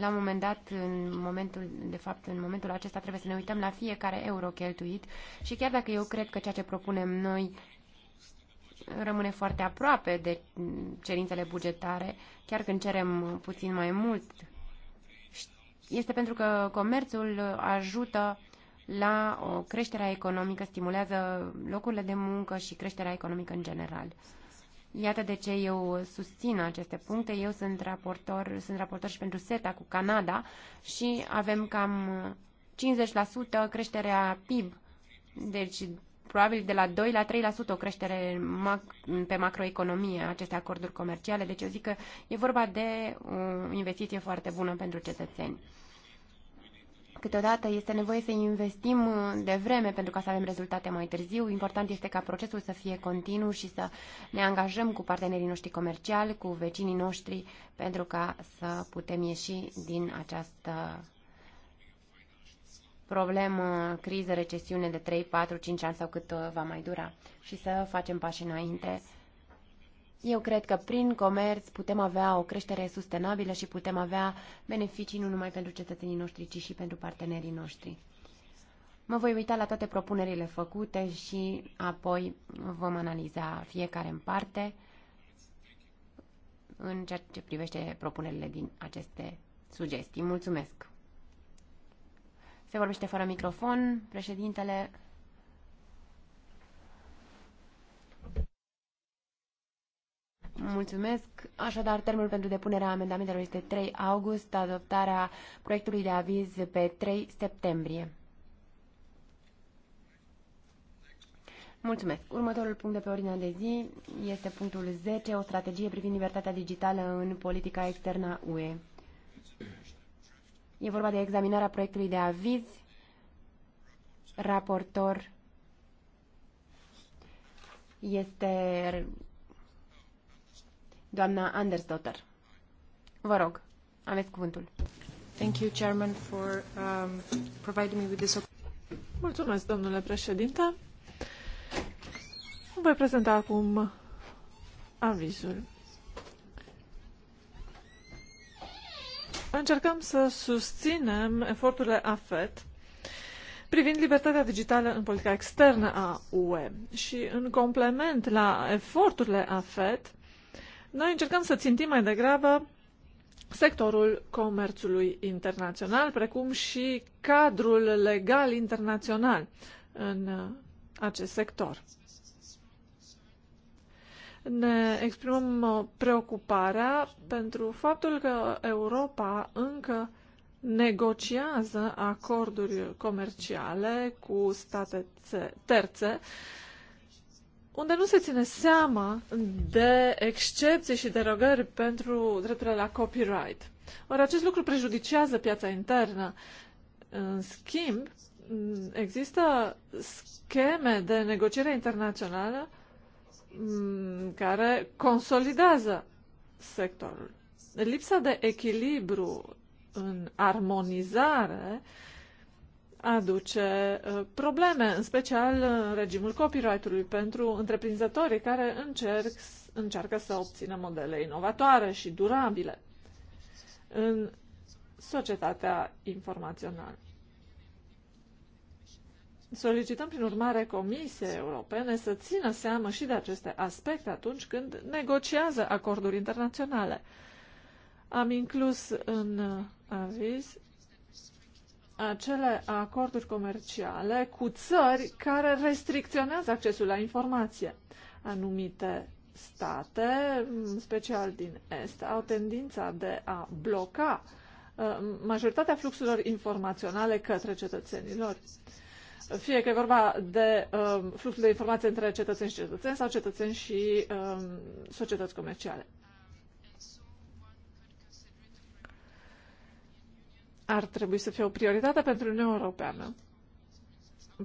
S3: La un moment dat, în momentul, de fapt, în momentul acesta trebuie să ne uităm la fiecare euro cheltuit și chiar dacă eu cred că ceea ce propunem noi rămâne foarte aproape de mm, cerințele bugetare, chiar când cerem uh, puțin mai mult, este pentru că comerțul uh, ajută la o creștere economică, stimulează locurile de muncă și creșterea economică în general. Iată de ce eu susțin aceste puncte. Eu sunt raportor, sunt raportor și pentru SETA cu Canada și avem cam 50% creșterea PIB. Deci probabil de la 2 la 3% o creștere pe macroeconomie aceste acorduri comerciale. Deci eu zic că e vorba de o investiție foarte bună pentru cetățeni. Câteodată este nevoie să investim uh, de vreme pentru ca să avem rezultate mai târziu. Important este ca procesul să fie continuu și să ne angajăm cu partenerii noștri comerciali, cu vecinii noștri, pentru ca să putem ieși din această problemă, criză, recesiune de 3, 4, 5 ani sau cât uh, va mai dura și să facem pași înainte eu cred că prin comerț putem avea o creștere sustenabilă și putem avea beneficii nu numai pentru cetățenii noștri, ci și pentru partenerii noștri. Mă voi uita la toate propunerile făcute și apoi vom analiza fiecare în parte în ceea ce privește propunerile din aceste sugestii. Mulțumesc! Se vorbește fără microfon, președintele Mulțumesc. Așadar, termenul pentru depunerea amendamentelor este 3 august, adoptarea proiectului de aviz pe 3 septembrie. Mulțumesc. Următorul punct de pe ordinea de zi este punctul 10, o strategie privind libertatea digitală în politica externă UE. E vorba de examinarea proiectului de aviz. Raportor este doamna Andersdotter. Vă rog, aveți cuvântul. Thank you, Chairman, for um, providing me with this
S1: Mulțumesc, domnule președinte. Voi prezenta acum avizul. Încercăm să susținem eforturile AFET privind libertatea digitală în politica externă a UE și în complement la eforturile AFET noi încercăm să țintim mai degrabă sectorul comerțului internațional, precum și cadrul legal internațional în uh, acest sector. Ne exprimăm uh, preocuparea pentru faptul că Europa încă negociază acorduri comerciale cu state terțe unde nu se ține seama de excepții și derogări pentru drepturile la copyright. Ori acest lucru prejudicează piața internă. În schimb, există scheme de negociere internațională mm, care consolidează sectorul. Lipsa de echilibru în armonizare uh, aduce uh, probleme, în special în uh, regimul copyright-ului pentru întreprinzătorii care încerc, încearcă să obțină modele inovatoare și durabile în societatea informațională. Solicităm, prin urmare, Comisiei Europene să țină seamă și de aceste aspecte atunci când negociază acorduri internaționale. Am inclus în uh, aviz acele acorduri comerciale cu țări care restricționează accesul la informație. Anumite state, special din Est, au tendința de a bloca uh, majoritatea fluxurilor informaționale către cetățenilor. Fie că e vorba de uh, fluxul de informație între cetățeni și cetățeni sau cetățeni și um, societăți comerciale. ar trebui să fie o prioritate pentru Uniunea Europeană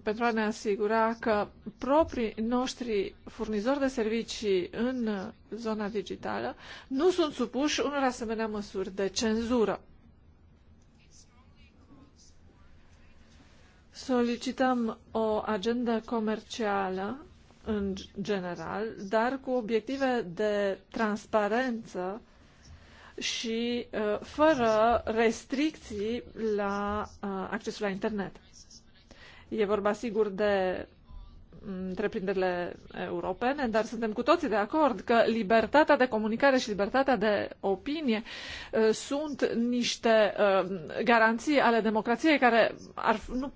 S1: pentru a ne asigura că proprii noștri furnizori de servicii în zona digitală nu sunt supuși unor asemenea măsuri de cenzură. Solicităm o agendă comercială în general, dar cu obiective de transparență și uh, fără restricții la uh, accesul la internet. E vorba, sigur, de mm, întreprinderile europene, dar suntem cu toții de acord că libertatea de comunicare și libertatea de opinie uh, sunt niște garanții ale democrației care ar, nu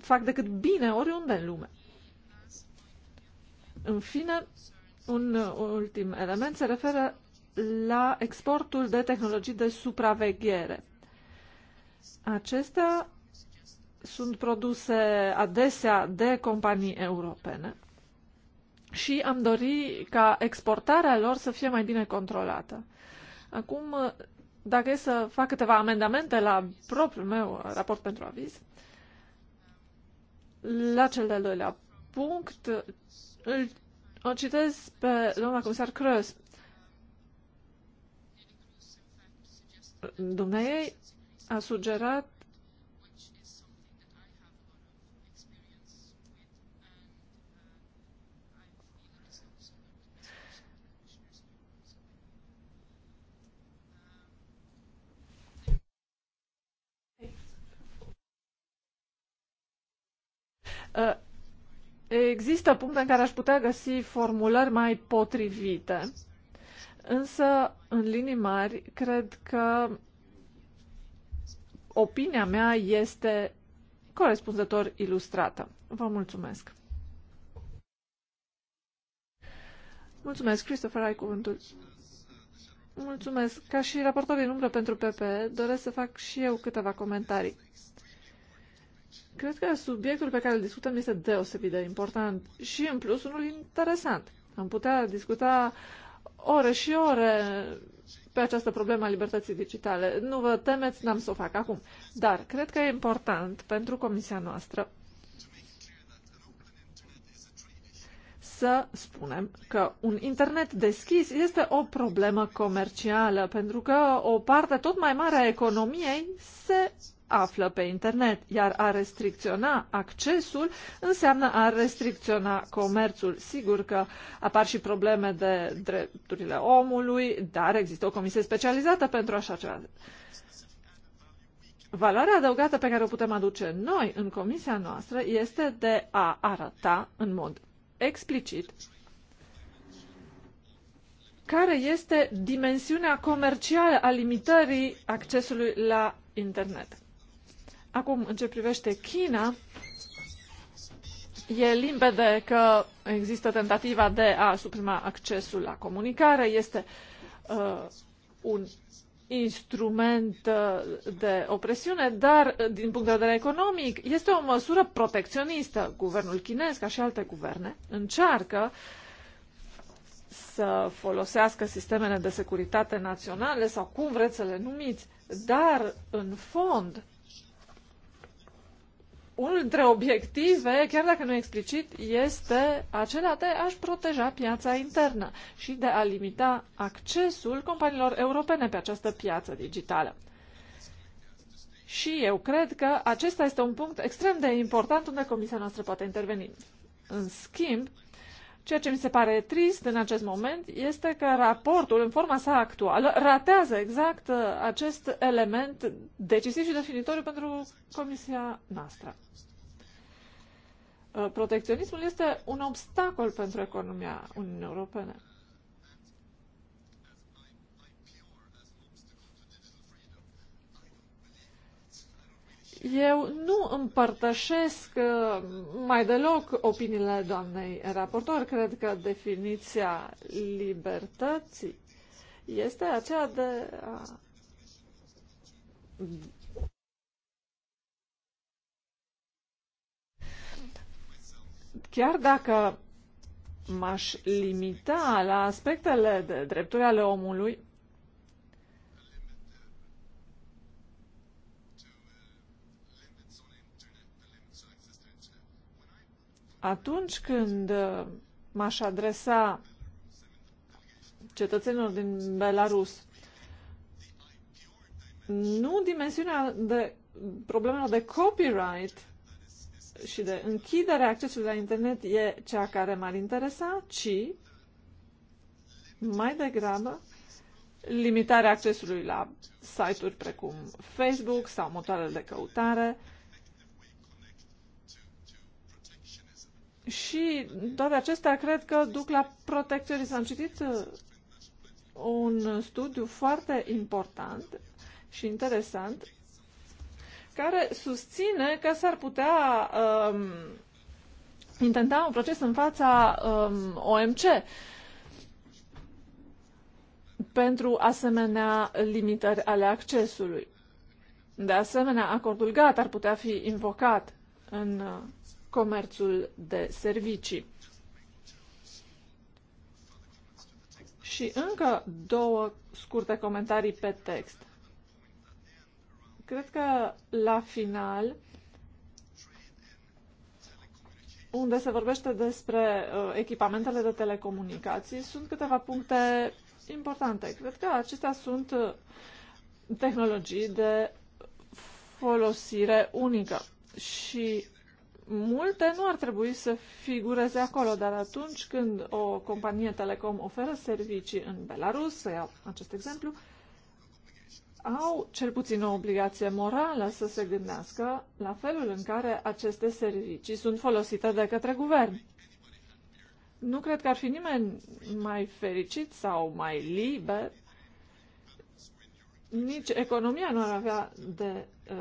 S1: fac decât bine oriunde în lume. În fine, un ultim element se referă la exportul de tehnologii de supraveghere. Acestea sunt produse adesea de companii europene și am dori ca exportarea lor să fie mai bine controlată. Acum, dacă e să fac câteva amendamente la propriul meu raport pentru aviz, la cel de-al doilea punct, îl, o citez pe doamna comisar Crăs. Dumnezeu a sugerat Există puncte în care aș putea găsi formulări mai potrivite. Însă, în linii mari, cred că opinia mea este corespunzător ilustrată. Vă mulțumesc! Mulțumesc, Christopher, ai cuvântul. Mulțumesc. Ca și raportor din umbră pentru PP, doresc să fac și eu câteva comentarii. Cred că subiectul pe care îl discutăm este deosebit de important și, în plus, unul interesant. Am putea discuta ore și ore pe această problemă a libertății digitale. Nu vă temeți, n-am să o fac acum. Dar cred că e important pentru comisia noastră să spunem că un internet deschis este o problemă comercială, pentru că o parte tot mai mare a economiei se află pe internet, iar a restricționa accesul înseamnă a restricționa comerțul. Sigur că apar și probleme de drepturile omului, dar există o comisie specializată pentru așa ceva. Valoarea adăugată pe care o putem aduce noi în comisia noastră este de a arăta în mod explicit care este dimensiunea comercială a limitării accesului la internet. Acum, în ce privește China, e limpede că există tentativa de a suprima accesul la comunicare. Este uh, un instrument uh, de opresiune, dar uh, din punct de vedere economic este o măsură protecționistă. Guvernul chinez, ca și alte guverne, încearcă să folosească sistemele de securitate naționale sau cum vreți să le numiți, dar în fond unul dintre obiective, chiar dacă nu explicit, este acela de a-și proteja piața internă și de a limita accesul companiilor europene pe această piață digitală. Și eu cred că acesta este un punct extrem de important unde Comisia noastră poate interveni. În schimb, Ceea ce mi se pare trist în acest moment este că raportul, în forma sa actuală, ratează exact uh, acest element decisiv și definitoriu pentru comisia noastră. Uh, protecționismul este un obstacol pentru economia Uniunii Europene. Eu nu împărtășesc uh, mai deloc opiniile doamnei raportor. Cred că definiția libertății este aceea de a chiar dacă m-aș limita la aspectele de drepturi ale omului, Atunci când uh, m-aș adresa cetățenilor din Belarus, nu dimensiunea de problemelor de copyright și de închidere accesului la internet e cea care m-ar interesa, ci mai degrabă limitarea accesului la site-uri precum Facebook sau motoarele de căutare, Și toate acestea cred că duc la protecționism. Am citit uh, un studiu foarte important și interesant care susține că s-ar putea um, intenta un proces în fața um, OMC pentru asemenea limitări ale accesului. De asemenea, acordul GATT ar putea fi invocat în uh, comerțul de servicii. Și încă două scurte comentarii pe text. Cred că la final, unde se vorbește despre uh, echipamentele de telecomunicații, sunt câteva puncte importante. Cred că acestea sunt uh, tehnologii de folosire unică și multe nu ar trebui să figureze acolo, dar atunci când o companie telecom oferă servicii în Belarus, să iau acest exemplu, au cel puțin o obligație morală să se gândească la felul în care aceste servicii sunt folosite de către guvern. Nu cred că ar fi nimeni mai fericit sau mai liber, nici economia nu ar avea de Uh,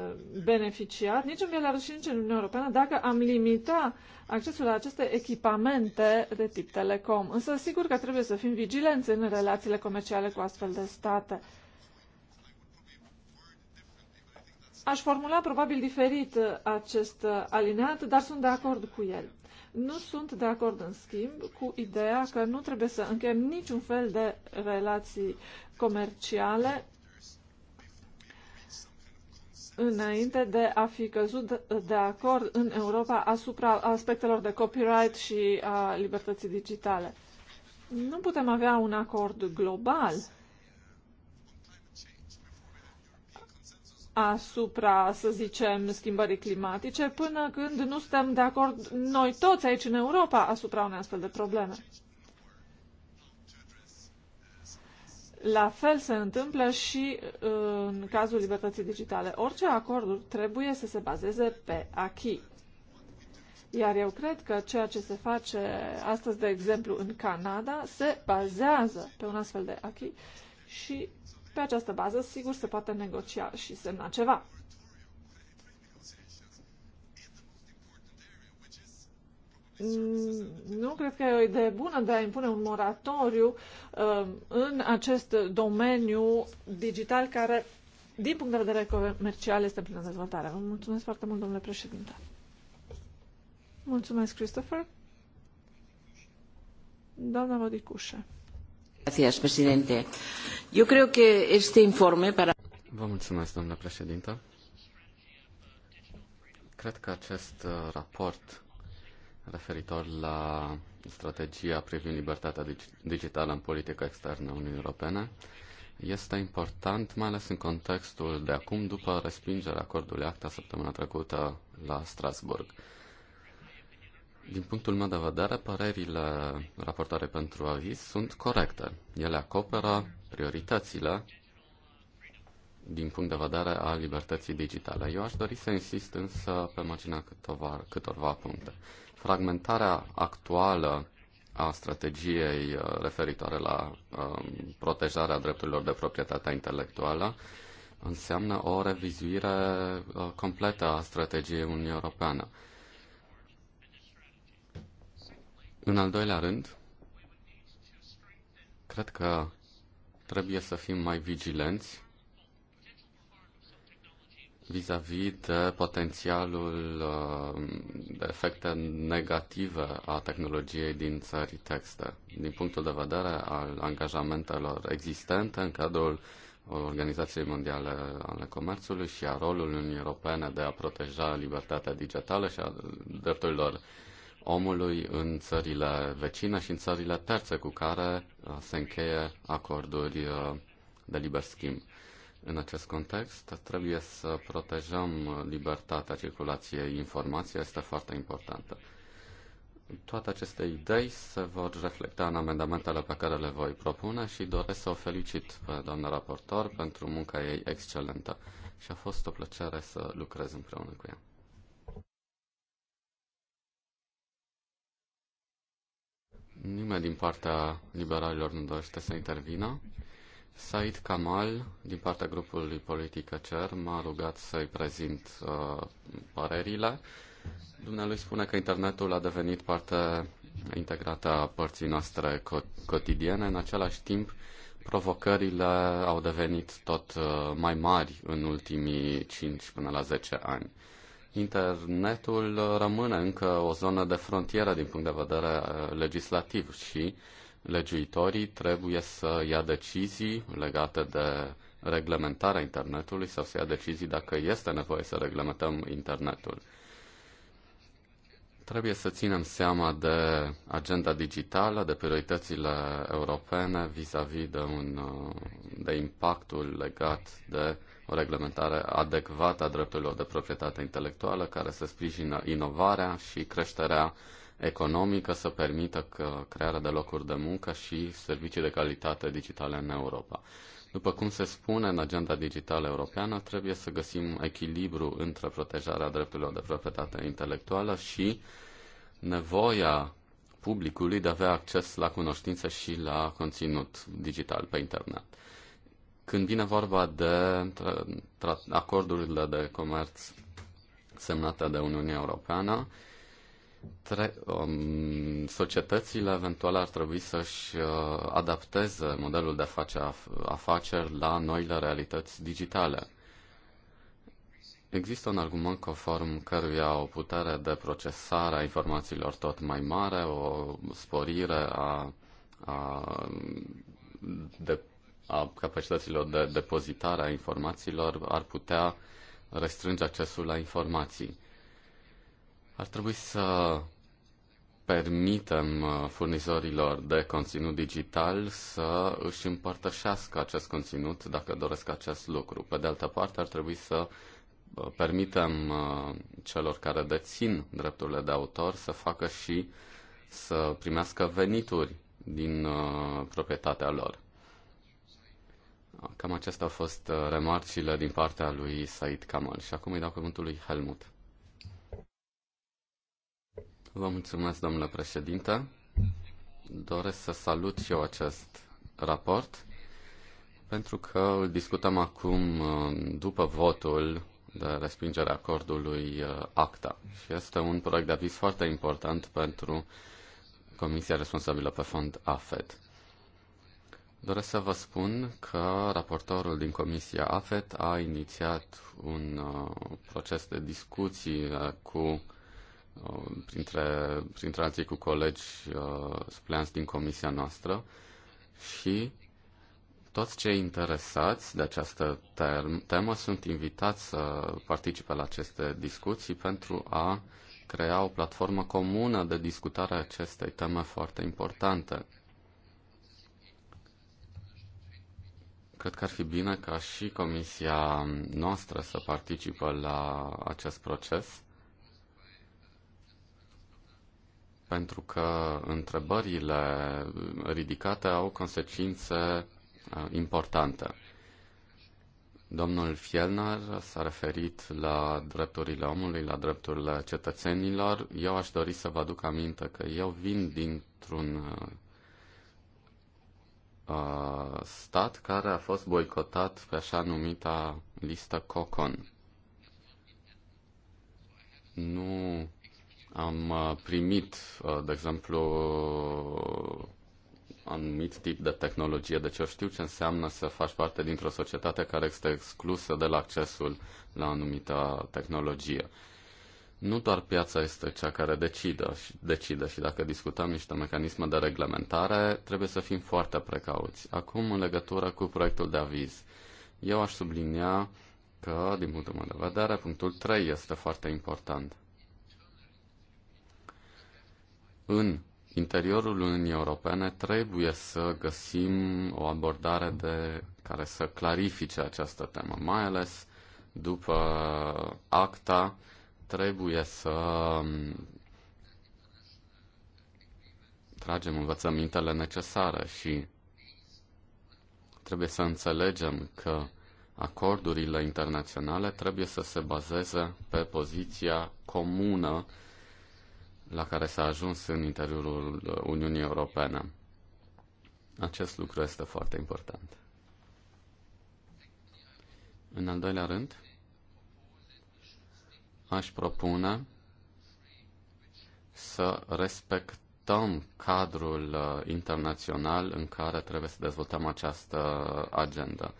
S1: beneficiat nici în Belarus și nici în Uniunea Europeană dacă am limita accesul la aceste echipamente de tip telecom. Însă sigur că trebuie să fim vigilenți în relațiile comerciale cu astfel de state. Aș formula probabil diferit uh, acest uh, alineat, dar sunt de acord cu el. Nu sunt de acord, în schimb, cu ideea că nu trebuie să încheiem niciun fel de relații comerciale înainte de a fi căzut de acord în Europa asupra aspectelor de copyright și a libertății digitale. Nu putem avea un acord global asupra, să zicem, schimbării climatice până când nu suntem de acord noi toți aici în Europa asupra unei astfel de probleme. La fel se întâmplă și uh, în cazul libertății digitale. Orice acord trebuie să se bazeze pe acquis. Iar eu cred că ceea ce se face astăzi, de exemplu, în Canada, se bazează pe un astfel de acquis și pe această bază, sigur, se poate negocia și semna ceva. Mm, nu cred că e o idee bună de a impune un moratoriu um, în acest domeniu digital care, din punct de vedere comercial, este plină dezvoltare. Vă mulțumesc foarte mult, domnule președinte. Mulțumesc, Christopher. Doamna Modicușe.
S3: Gracias, presidente. Eu cred că este informe para... Vă mulțumesc,
S2: doamna președinte. Cred că acest uh, raport referitor la strategia privind libertatea digitală în politica externă a Uniunii Europene este important, mai ales în contextul de acum, după respingerea acordului ACTA săptămâna trecută la Strasburg. Din punctul meu de vedere, părerile raportare pentru aviz sunt corecte. Ele acoperă prioritățile din punct de vedere a libertății digitale. Eu aș dori să insist însă pe marginea câtorva, câtorva puncte. Fragmentarea actuală a strategiei uh, referitoare la um, protejarea drepturilor de proprietate intelectuală înseamnă o revizuire uh, completă a strategiei Uniunii Europeană. În al doilea rând, cred că trebuie să fim mai vigilenți vis-a-vis -vis de potențialul uh, de efecte negative a tehnologiei din țării texte, din punctul de vedere al angajamentelor existente în cadrul Organizației Mondiale ale Comerțului și a rolului Uniunii Europene de a proteja libertatea digitală și a drepturilor omului în țările vecine și în țările terțe cu care uh, se încheie acorduri uh, de liber schimb. În acest context, trebuie să protejăm libertatea circulației informației, este foarte importantă. Toate aceste idei se vor reflecta în amendamentele pe care le voi propune și doresc să o felicit pe doamna raportor pentru munca ei excelentă și a fost o plăcere să lucrez împreună cu ea. Nimeni din partea liberalilor nu dorește să intervină. Said Kamal, din partea grupului politic CER, m-a rugat să-i prezint uh, părerile. Dumnealui spune că internetul a devenit parte integrată a părții noastre cotidiene. În același timp, provocările au devenit tot uh, mai mari în ultimii 5 până la 10 ani. Internetul uh, rămâne încă o zonă de frontieră din punct de vedere uh, legislativ și uh, legiuitorii trebuie să ia decizii legate de reglementarea internetului sau să ia decizii dacă este nevoie să reglementăm internetul. Trebuie să ținem seama de agenda digitală, de prioritățile europene vis-a-vis -vis de, un, de impactul legat de o reglementare adecvată a drepturilor de proprietate intelectuală care să sprijină inovarea și creșterea economică să permită crearea de locuri de muncă și servicii de calitate digitale în Europa. După cum se spune în agenda digitală europeană, trebuie să găsim echilibru între protejarea drepturilor de proprietate intelectuală și nevoia publicului de a avea acces la cunoștință și la conținut digital pe internet. Când vine vorba de acordurile de comerț semnate de Uniunea Europeană, tre- um, societățile eventual ar trebui să-și uh, adapteze modelul de afaceri, afaceri la noile realități digitale. Există un argument conform căruia o putere de procesare a informațiilor tot mai mare, o sporire a, a, de, a capacităților de depozitare a informațiilor ar putea restrânge accesul la informații. Ar trebui să permitem uh, furnizorilor de conținut digital să își împărtășească acest conținut dacă doresc acest lucru. Pe de altă parte, ar trebui să uh, permitem uh, celor care dețin drepturile de autor să facă și să primească venituri din proprietatea lor. Cam acestea au fost remarcile din partea lui Said Kamal și acum îi dau cuvântul lui Helmut. Vă mulțumesc, domnule președinte. Doresc să salut și eu acest raport, pentru că îl discutăm acum uh, după votul de respingere a acordului uh, ACTA și este un proiect de aviz foarte important pentru Comisia responsabilă pe fond AFET. Doresc să vă spun că raportorul din Comisia AFET a inițiat un uh, proces de discuții cu printre, printre alții cu colegi uh, supleanți din comisia noastră și toți cei interesați de această term, temă sunt invitați să participe la aceste discuții pentru a crea o platformă comună de discutare a acestei teme foarte importante. Cred că ar fi bine ca și comisia noastră să participă la acest proces pentru că întrebările ridicate au consecințe uh, importante. Domnul Fielner s-a referit la drepturile omului, la drepturile cetățenilor. Eu aș dori să vă aduc aminte că eu vin dintr-un uh, uh stat care a fost boicotat pe așa numita listă COCON. Nu am uh, primit, uh, de exemplu, anumit tip de tehnologie, deci eu știu ce înseamnă să faci parte dintr-o societate care este exclusă de la accesul la anumită tehnologie. Nu doar piața este cea care decide și, decide și dacă discutăm niște mecanisme de reglementare, trebuie să fim foarte precauți. Acum, în legătură cu proiectul de aviz, eu aș sublinia că, din punctul meu de vedere, punctul 3 este foarte important în interiorul Uniunii Europene trebuie să găsim o abordare de, care să clarifice această temă, mai ales după acta trebuie să um, tragem învățămintele necesare și trebuie să înțelegem că acordurile internaționale trebuie să se bazeze pe poziția comună la care s-a ajuns în interiorul Uniunii Europene. Acest lucru este foarte important. În al doilea rând, aș propune să respectăm cadrul uh, internațional în care trebuie să dezvoltăm această agendă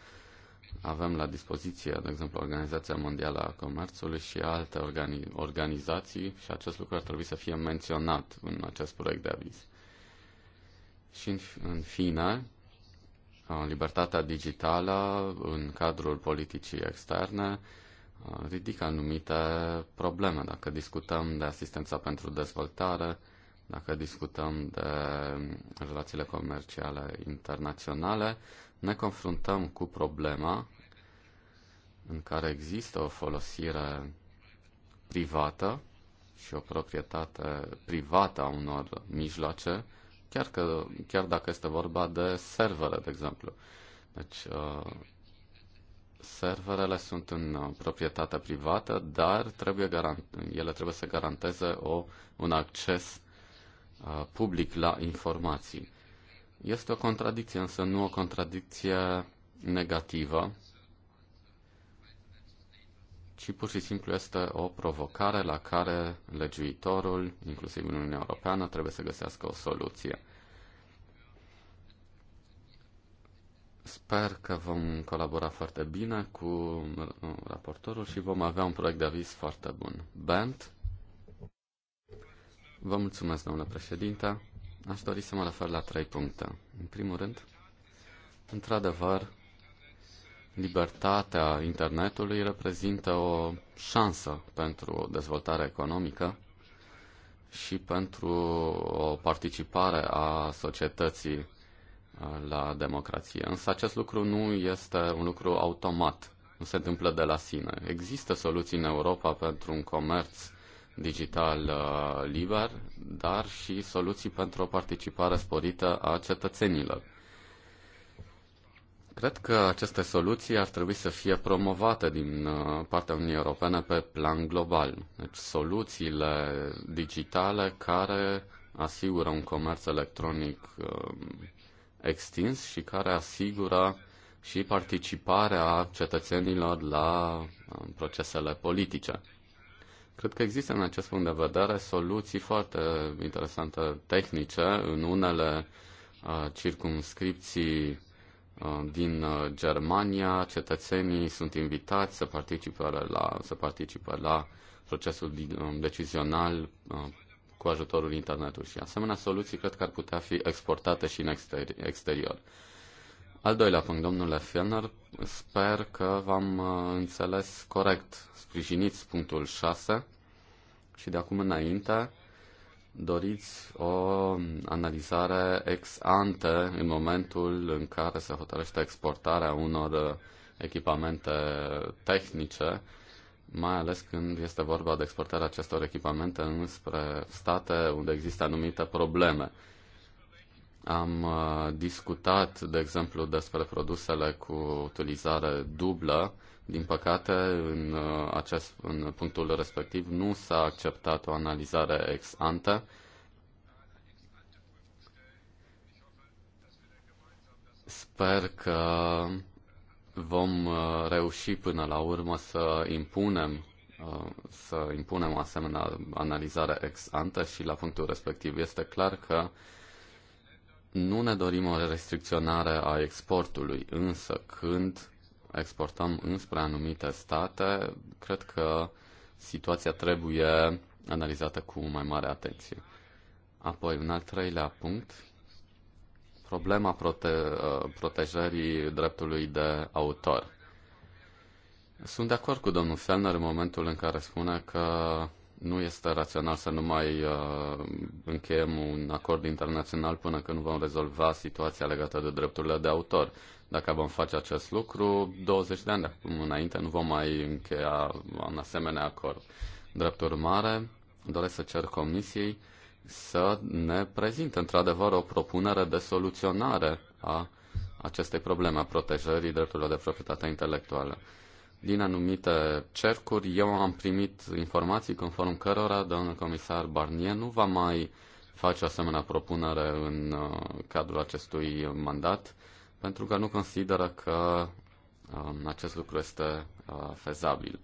S2: avem la dispoziție, de exemplu, Organizația Mondială a Comerțului și alte organi- organizații și acest lucru ar trebui să fie menționat în acest proiect de aviz. Și în, în fine, libertatea digitală în cadrul politicii externe ridică anumite probleme. Dacă discutăm de asistența pentru dezvoltare, dacă discutăm de relațiile comerciale internaționale, ne confruntăm cu problema în care există o folosire privată și o proprietate privată a unor mijloace, chiar, că, chiar dacă este vorba de servere, de exemplu. Deci, uh, serverele sunt în proprietate privată, dar trebuie garant- ele trebuie să garanteze o, un acces uh, public la informații. Este o contradicție, însă nu o contradicție negativă, ci pur și simplu este o provocare la care legiuitorul, inclusiv în Uniunea Europeană, trebuie să găsească o soluție. Sper că vom colabora foarte bine cu raportorul și vom avea un proiect de aviz foarte bun. Bent? Vă mulțumesc, domnule președinte. Aș dori să mă refer la trei puncte. În primul rând, într-adevăr, libertatea internetului reprezintă o șansă pentru o dezvoltare economică și pentru o participare a societății uh, la democrație. Însă acest lucru nu este un lucru automat, nu se întâmplă de la sine. Există soluții în Europa pentru un comerț digital uh, liber, dar și soluții pentru o participare sporită a cetățenilor. Cred că aceste soluții ar trebui să fie promovate din uh, partea Uniunii Europene pe plan global. Deci soluțiile digitale care asigură un comerț electronic um, extins și care asigură și participarea cetățenilor la um, procesele politice. Cred că există în acest punct de vedere soluții foarte interesante tehnice în unele uh, circumscripții uh, din uh, Germania, cetățenii sunt invitați să participe la, să participe la procesul um, decizional uh, cu ajutorul internetului și asemenea soluții cred că ar putea fi exportate și în exterior. Al doilea punct, domnule Fellner, sper că v-am uh, înțeles corect. Sprijiniți punctul 6 și de acum înainte doriți o um, analizare ex ante în momentul în care se hotărăște exportarea unor uh, echipamente tehnice, mai ales când este vorba de exportarea acestor echipamente înspre state unde există anumite probleme am uh, discutat, de exemplu, despre produsele cu utilizare dublă. Din păcate, în, uh, acest, în punctul respectiv nu s-a acceptat o analizare ex ante. Sper că vom uh, reuși până la urmă să impunem să impunem o asemenea analizare ex ante și la punctul respectiv este clar că nu ne dorim o restricționare a exportului, însă când exportăm înspre anumite state, cred că situația trebuie analizată cu mai mare atenție. Apoi, un al treilea punct, problema prote- uh, protejării dreptului de autor. Sunt de acord cu domnul Fellner în momentul în care spune că nu este rațional să nu mai uh, încheiem un acord internațional până când vom rezolva situația legată de drepturile de autor. Dacă vom face acest lucru, 20 de ani de acum înainte nu vom mai încheia un asemenea acord. Drept urmare, doresc să cer Comisiei să ne prezinte într-adevăr o propunere de soluționare a acestei probleme a protejării drepturilor de proprietate intelectuală din anumite cercuri, eu am primit informații conform cărora domnul comisar Barnier nu va mai face o asemenea propunere în uh, cadrul acestui mandat, pentru că nu consideră că um, acest lucru este uh, fezabil.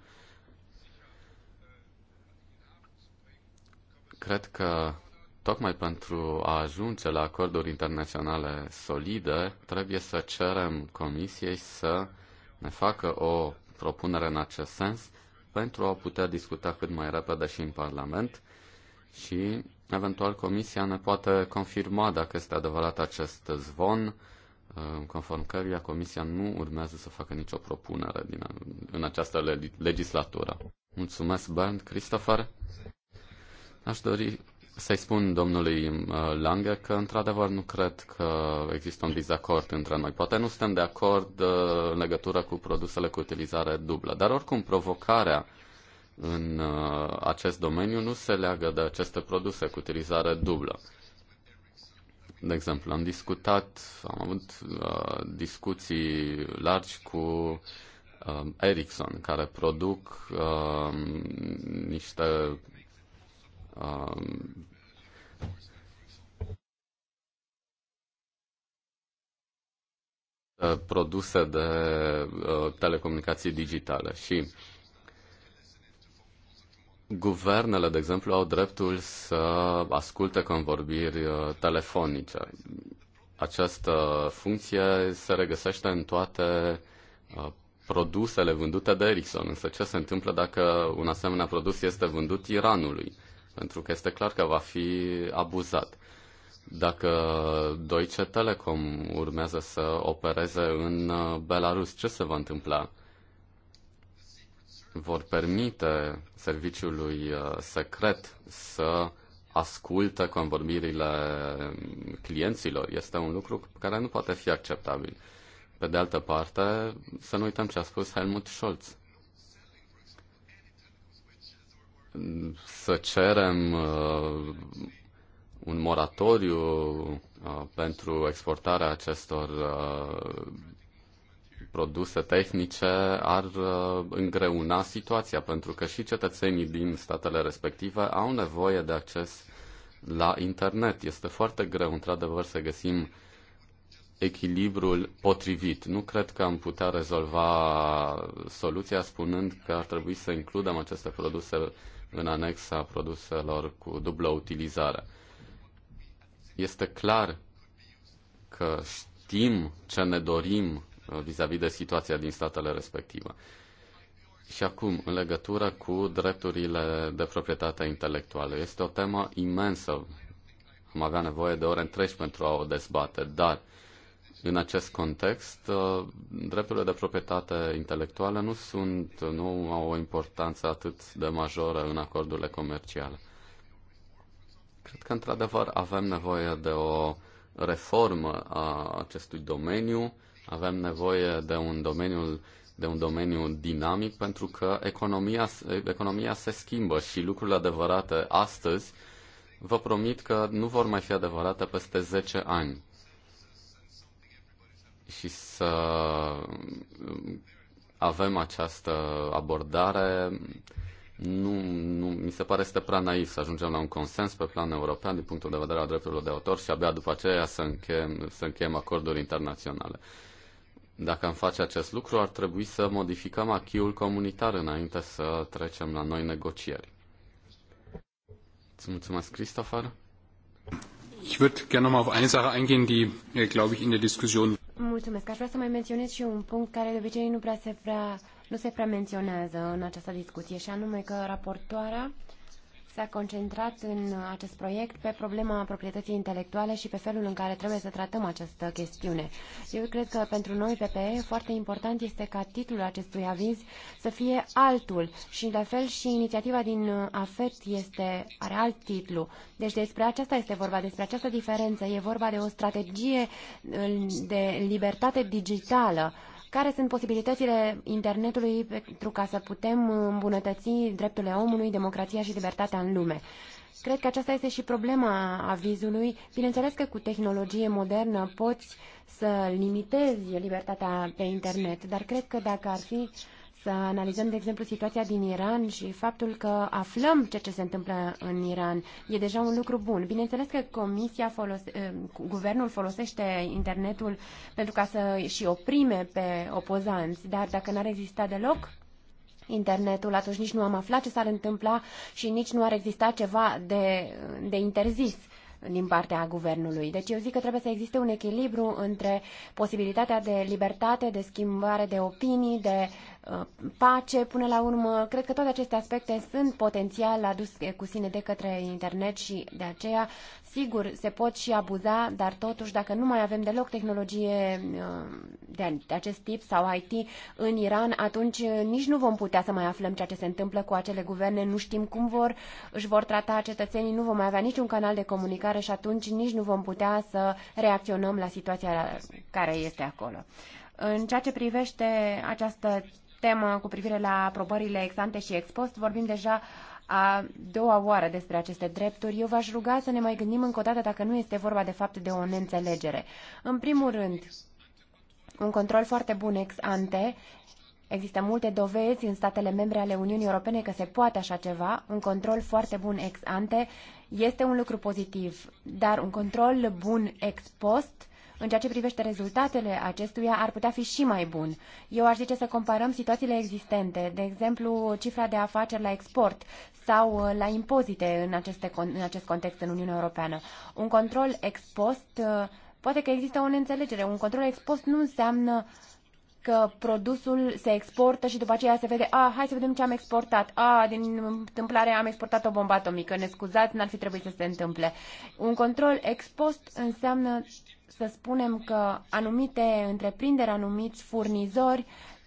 S2: Cred că tocmai pentru a ajunge la acorduri internaționale solide, trebuie să cerem Comisiei să ne facă o propunere în acest sens pentru a putea discuta cât mai repede și în Parlament și eventual Comisia ne poate confirma dacă este adevărat acest zvon, uh, conform căruia Comisia nu urmează să facă nicio propunere din, în această legislatură. Mulțumesc, Bernd. Christopher? Aș dori să-i spun domnului uh, Lange că, într-adevăr, nu cred că există un dezacord între noi. Poate nu suntem de acord uh, în legătură cu produsele cu utilizare dublă, dar, oricum, provocarea în uh, acest domeniu nu se leagă de aceste produse cu utilizare dublă. De exemplu, am discutat, am avut discuții largi cu Ericsson, care produc uh, niște um, uh, produse de uh, telecomunicații digitale și guvernele, de exemplu, au dreptul să asculte convorbiri uh, telefonice. Această funcție se regăsește în toate uh, produsele vândute de Ericsson. Însă ce se întâmplă dacă un asemenea produs este vândut Iranului? pentru că este clar că va fi abuzat. Dacă Deutsche Telekom urmează să opereze în uh, Belarus, ce se va întâmpla? Vor permite serviciului uh, secret să ascultă convorbirile clienților. Este un lucru care nu poate fi acceptabil. Pe de altă parte, să nu uităm ce a spus Helmut Scholz. să cerem uh, un moratoriu uh, pentru exportarea acestor uh, produse tehnice ar îngreuna situația, pentru că și cetățenii din statele respective au nevoie de acces la internet. Este foarte greu, într-adevăr, să găsim echilibrul potrivit. Nu cred că am putea rezolva soluția spunând că ar trebui să includem aceste produse în anexa produselor cu dublă utilizare. Este clar că știm ce ne dorim uh, vis-a-vis -vis de situația din statele respective. Și acum, în legătură cu drepturile de proprietate intelectuală, este o temă imensă. Am avea nevoie de ore întregi pentru a o dezbate, dar în acest context, uh, drepturile de proprietate intelectuală nu sunt, nu au o importanță atât de majoră în acordurile comerciale. Cred că, într-adevăr, avem nevoie de o reformă a acestui domeniu, avem nevoie de un domeniu, de un domeniu dinamic pentru că economia, economia se schimbă și lucrurile adevărate astăzi vă promit că nu vor mai fi adevărate peste 10 ani și să mm, avem această abordare nu, nu, mi se pare este prea naiv să ajungem la un consens pe plan european din punctul de vedere al drepturilor de autor și abia după aceea să încheiem, să încheiem acorduri internaționale. Dacă am face acest lucru, ar trebui să modificăm achiul comunitar înainte să trecem la noi negocieri. Îți mulțumesc, Christopher. Ich würde gerne noch mal auf eine Sache eingehen, die, äh, glaube ich, in der Diskussion
S3: Mulțumesc. Aș vrea să mai menționez și un punct care de obicei nu prea se prea, nu se prea menționează în această discuție, și anume că raportoarea uh, s-a concentrat în acest proiect pe problema proprietății intelectuale și pe felul în care trebuie să tratăm această chestiune. Eu cred că pentru noi, PPE, foarte important este ca titlul acestui aviz să fie altul și de fel și inițiativa din AFET este, are alt titlu. Deci despre aceasta este vorba, despre această diferență. E vorba de o strategie uh, de libertate digitală care sunt posibilitățile internetului pentru ca să putem îmbunătăți drepturile omului, democrația și libertatea în lume. Cred că aceasta este și problema avizului. Bineînțeles că cu tehnologie modernă poți să limitezi libertatea pe internet, dar cred că dacă ar fi uh, să analizăm, de exemplu, situația din Iran și faptul că aflăm ce, ce se întâmplă în Iran. E deja un lucru bun. Bineînțeles că comisia folose, eh, guvernul folosește internetul pentru ca să și oprime pe opozanți, dar dacă n-ar exista deloc internetul, atunci nici nu am aflat ce s-ar întâmpla și nici nu ar exista ceva de, de interzis din partea guvernului. Deci eu zic că trebuie să existe un echilibru între posibilitatea de libertate, de schimbare de opinii, de uh, pace până la urmă. Cred că toate aceste aspecte sunt potențial aduse cu sine de către internet și de aceea Sigur, se pot și abuza, dar totuși, dacă nu mai avem deloc tehnologie uh, de acest tip sau IT în Iran, atunci uh, nici nu vom putea să mai aflăm ceea ce se întâmplă cu acele guverne, nu știm cum vor, își vor trata cetățenii, nu vom mai avea niciun canal de comunicare și atunci nici nu vom putea să reacționăm la situația care este acolo. În ceea ce privește această temă cu privire la aprobările ex ante și ex post, vorbim deja uh, a doua oară despre aceste drepturi, eu v-aș ruga să ne mai gândim încă o dată dacă nu este vorba de fapt de o neînțelegere. În primul rând, un control foarte bun ex ante Există multe dovezi în statele membre ale Uniunii Europene că se poate așa ceva. Un control foarte bun ex ante este un lucru pozitiv, dar un control bun ex post în ceea ce privește rezultatele acestuia, ar putea fi și mai bun. Eu aș zice să comparăm situațiile existente, de exemplu, cifra de afaceri la export sau uh, la impozite în, aceste, în acest context în Uniunea Europeană. Un control expost uh, poate că există o neînțelegere, un control expost nu înseamnă că produsul se exportă și după aceea se vede, a, ah, hai să vedem ce am exportat, a, ah, din întâmplare am exportat o bombă atomică, ne scuzați, n-ar fi trebuit să se întâmple. Un control expost înseamnă să spunem că anumite întreprinderi, anumiți furnizori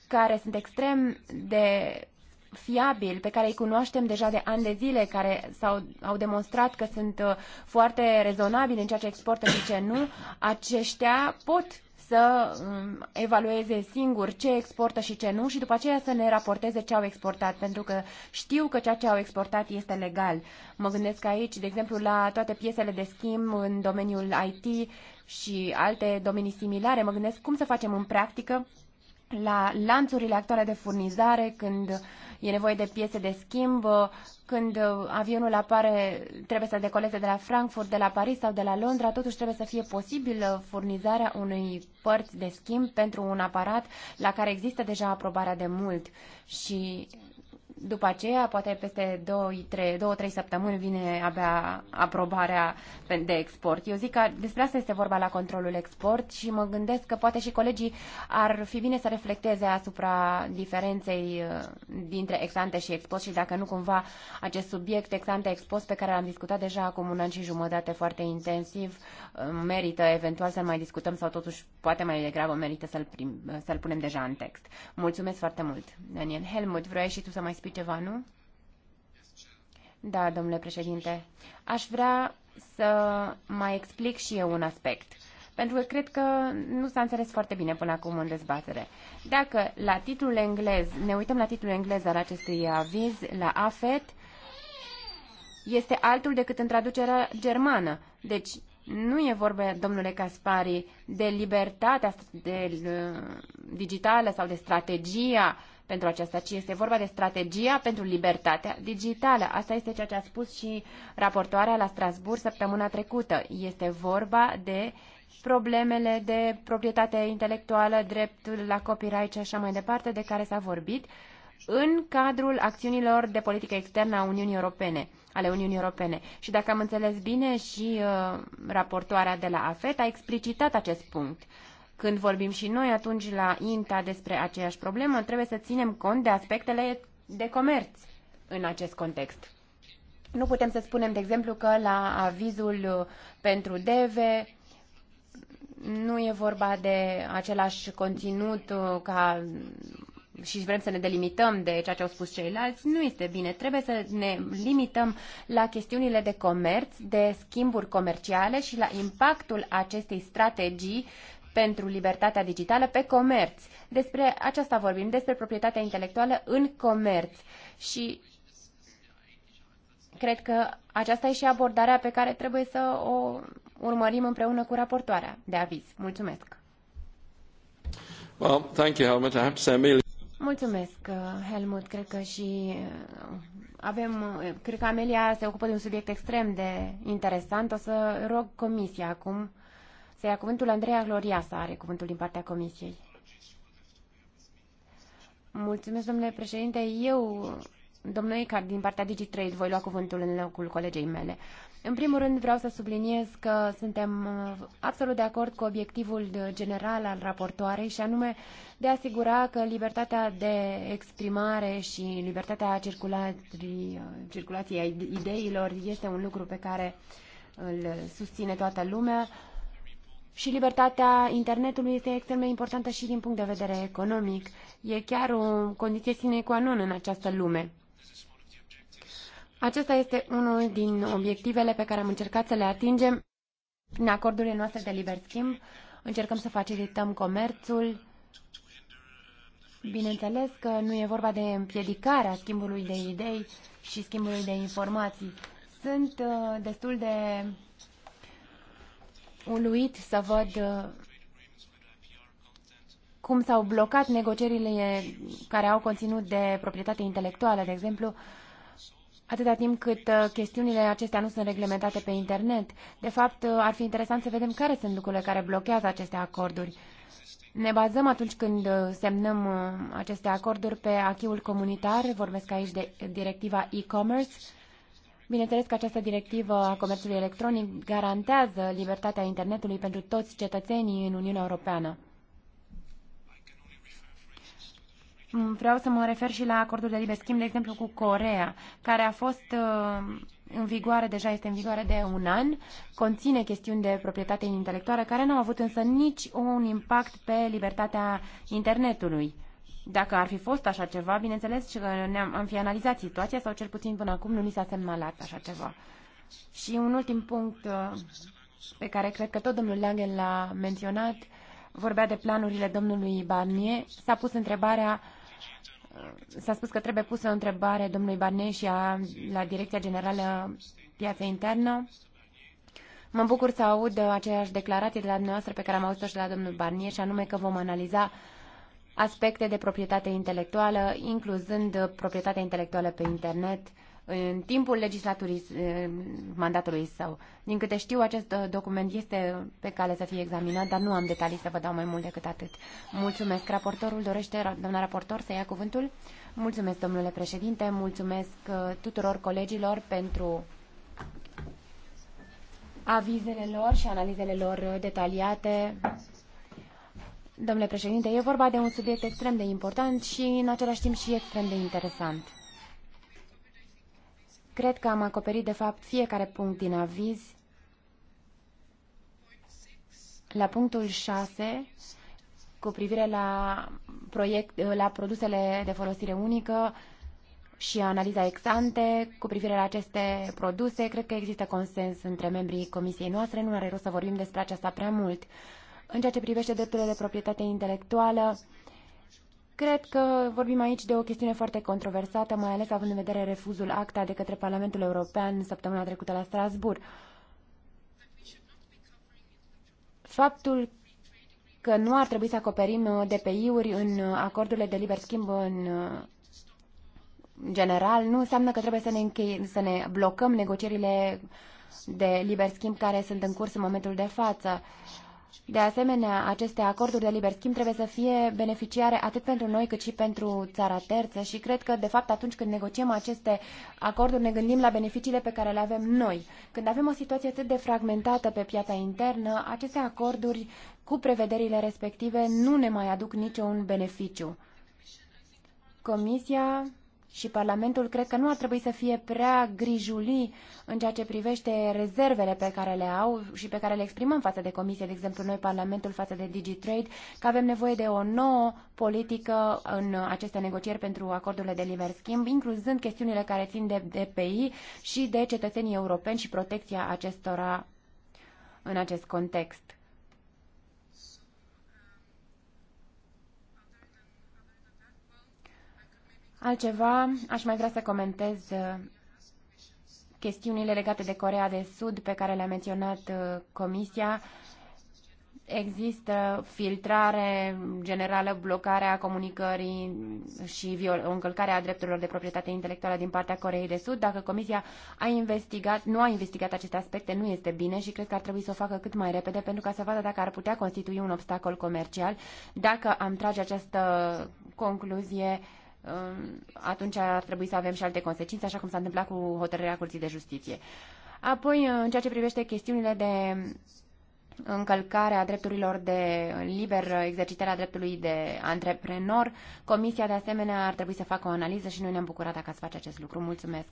S3: care sunt extrem de fiabili, pe care îi cunoaștem deja de ani de zile, care s-au, au demonstrat că sunt uh, foarte rezonabili în ceea ce exportă și ce nu, aceștia pot să um, evalueze singur ce exportă și ce nu și după aceea să ne raporteze ce au exportat, pentru că știu că ceea ce au exportat este legal. Mă gândesc aici, de exemplu, la toate piesele de schimb în domeniul IT și alte domenii similare. Mă gândesc cum să facem în practică la lanțurile actuale de furnizare, când e nevoie de piese de schimb, când avionul apare, trebuie să decoleze de la Frankfurt, de la Paris sau de la Londra, totuși trebuie să fie posibil furnizarea unei părți de schimb pentru un aparat la care există deja aprobarea de mult. Și după aceea, poate peste 2-3 săptămâni, vine abia aprobarea de export. Eu zic că despre asta este vorba la controlul export și mă gândesc că poate și colegii ar fi bine să reflecteze asupra diferenței uh, dintre exante și expost și dacă nu cumva acest subiect exante expost pe care l-am discutat deja acum un an și jumătate foarte intensiv uh, merită eventual să mai discutăm sau totuși poate mai degrabă merită să-l, să-l punem deja în text. Mulțumesc foarte mult, Daniel Helmut. Vreau și tu să mai spui spui ceva, nu? Da, domnule președinte. Aș vrea să mai explic și eu un aspect. Pentru că cred că nu s-a înțeles foarte bine până acum în dezbatere. Dacă la titlul englez, ne uităm la titlul englez al acestui aviz, la AFET, este altul decât în traducerea germană. Deci nu e vorba, domnule Caspari, de libertatea de, de, uh, digitală sau de strategia uh, pentru aceasta, ci este vorba de strategia pentru libertatea digitală. Asta este ceea ce a spus și raportoarea la Strasbourg săptămâna trecută. Este vorba de problemele de proprietate intelectuală, dreptul la copyright și așa mai departe, de care s-a vorbit în cadrul acțiunilor de politică externă a Uniunii Europene, ale Uniunii Europene. Și dacă am înțeles bine, și uh, raportoarea de la AFET a explicitat acest punct. Când vorbim și noi atunci la INTA despre aceeași problemă, trebuie să ținem cont de aspectele de comerț în acest context. Nu putem să spunem, de exemplu, că la avizul pentru DEVE nu e vorba de același conținut ca și vrem să ne delimităm de ceea ce au spus ceilalți, nu este bine. Trebuie să ne limităm la chestiunile de comerț, de schimburi comerciale și la impactul acestei strategii pentru libertatea digitală pe comerț. Despre aceasta vorbim, despre proprietatea intelectuală în comerț. Și cred că aceasta e și abordarea pe care trebuie să o urmărim împreună cu raportoarea de aviz. Mulțumesc!
S2: Well, thank you, Helmut. I have to say, Amelia...
S3: Mulțumesc, uh, Helmut. Cred că și uh, avem, uh, cred că Amelia se ocupă de un subiect extrem de interesant. O să rog comisia acum să ia cuvântul Andreea Gloriasa, are cuvântul din partea Comisiei. Mulțumesc, domnule președinte. Eu, domnule Icar, din partea DigiTrade, voi lua cuvântul în locul colegei mele. În primul rând, vreau să subliniez că suntem uh, absolut de acord cu obiectivul general al raportoarei și anume de a asigura că libertatea de exprimare și libertatea uh, circulației ideilor este un lucru pe care îl susține toată lumea și libertatea internetului este extrem de importantă și din punct de vedere economic. E chiar o condiție sine qua non în această lume. Acesta este unul din obiectivele pe care am încercat să le atingem prin acordurile noastre de liber schimb. Încercăm să facilităm comerțul. Bineînțeles că nu e vorba de împiedicarea schimbului de idei și schimbului de informații. Sunt uh, destul de uluit să văd uh, cum s-au blocat negocierile care au conținut de proprietate intelectuală, de exemplu, atâta timp cât uh, chestiunile acestea nu sunt reglementate pe internet. De fapt, uh, ar fi interesant să vedem care sunt lucrurile care blochează aceste acorduri. Ne bazăm atunci când semnăm aceste acorduri pe achiul comunitar, vorbesc aici de directiva e-commerce, Bineînțeles că această directivă a comerțului electronic garantează libertatea internetului pentru toți cetățenii în Uniunea Europeană. Vreau să mă refer și la acordul de liber schimb, de exemplu, cu Corea, care a fost uh, în vigoare, deja este în vigoare de un an, conține chestiuni de proprietate intelectuală care n-au avut însă nici un impact pe libertatea internetului. Dacă ar fi fost așa ceva, bineînțeles că ne-am am fi analizat situația sau cel puțin până acum nu ni s-a semnalat așa ceva. Și un ultim punct uh, pe care cred că tot domnul Langen l-a menționat, vorbea de planurile domnului Barnier, s-a pus întrebarea uh, s-a spus că trebuie pusă o întrebare domnului Barnier și a, la Direcția Generală Piața Internă. Mă bucur să aud aceeași declarație de la dumneavoastră pe care am auzit-o și de la domnul Barnier și anume că vom analiza uh, aspecte de proprietate intelectuală, incluzând proprietatea intelectuală pe internet, în timpul legislaturii mandatului său. Din câte știu, acest document este pe cale să fie examinat, dar nu am detalii să vă dau mai mult decât atât. Mulțumesc. Raportorul dorește, doamna raportor, să ia cuvântul. Mulțumesc, domnule președinte, mulțumesc uh, tuturor colegilor pentru avizele lor și analizele lor detaliate Domnule președinte, e vorba de un subiect extrem de important și în același timp și extrem de interesant. Cred că am acoperit de fapt fiecare punct din aviz. La punctul 6, cu privire la, proiect, la produsele de folosire unică și analiza ex ante, cu privire la aceste produse, cred că există consens între membrii comisiei noastre, nu are rost să vorbim despre aceasta prea mult. Uh, în ceea ce privește drepturile de proprietate intelectuală, Cred că vorbim aici de o chestiune foarte controversată, mai ales având în vedere refuzul acta de către Parlamentul European săptămâna trecută la Strasbourg. Faptul că nu ar trebui să acoperim DPI-uri în acordurile de liber schimb în general nu înseamnă că trebuie să ne, închei, să ne blocăm negocierile de liber schimb care sunt în curs în momentul de față. Uh, de asemenea, aceste acorduri de liber schimb trebuie să fie beneficiare atât pentru noi cât și pentru țara terță și cred că, de fapt, atunci când negociem aceste acorduri, ne gândim la beneficiile pe care le avem noi. Când avem o situație atât de fragmentată pe piața internă, aceste acorduri cu prevederile respective nu ne mai aduc niciun beneficiu. Comisia și Parlamentul cred că nu ar trebui să fie prea grijuli în ceea ce privește rezervele pe care le au și pe care le exprimăm față de Comisie, de exemplu noi Parlamentul față de DigiTrade, că avem nevoie de o nouă politică în aceste negocieri pentru acordurile de liber schimb, incluzând chestiunile care țin de DPI și de cetățenii europeni și protecția acestora în acest context. Altceva, aș mai vrea să comentez uh, chestiunile legate de Corea de Sud pe care le-a menționat uh, Comisia. Există filtrare generală, blocarea comunicării și viol- încălcarea drepturilor de proprietate intelectuală din partea Coreei de Sud. Dacă Comisia a investigat, nu a investigat aceste aspecte, nu este bine și cred că ar trebui să o facă cât mai repede pentru ca să vadă dacă ar putea constitui un obstacol comercial. Dacă am trage această concluzie, uh, atunci ar trebui să avem și alte consecințe, așa cum s-a întâmplat cu hotărârea Curții de Justiție. Apoi, în ceea ce privește chestiunile de încălcarea drepturilor de liber exercitare a dreptului de antreprenor. Comisia, de asemenea, ar trebui să facă o analiză și noi ne-am bucurat dacă ați face acest lucru. Mulțumesc!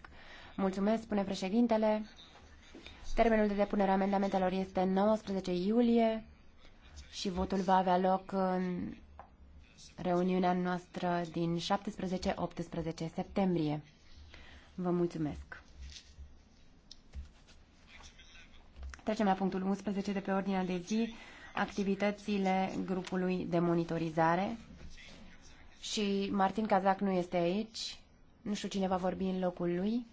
S3: Mulțumesc, spune președintele. Termenul de depunere a amendamentelor este 19 iulie și votul va avea loc în reuniunea noastră din 17-18 septembrie. Vă mulțumesc! Trecem la punctul 11 de pe ordinea de zi, activitățile grupului de monitorizare. Și Martin Cazac nu este aici. Nu știu cine va vorbi în locul lui.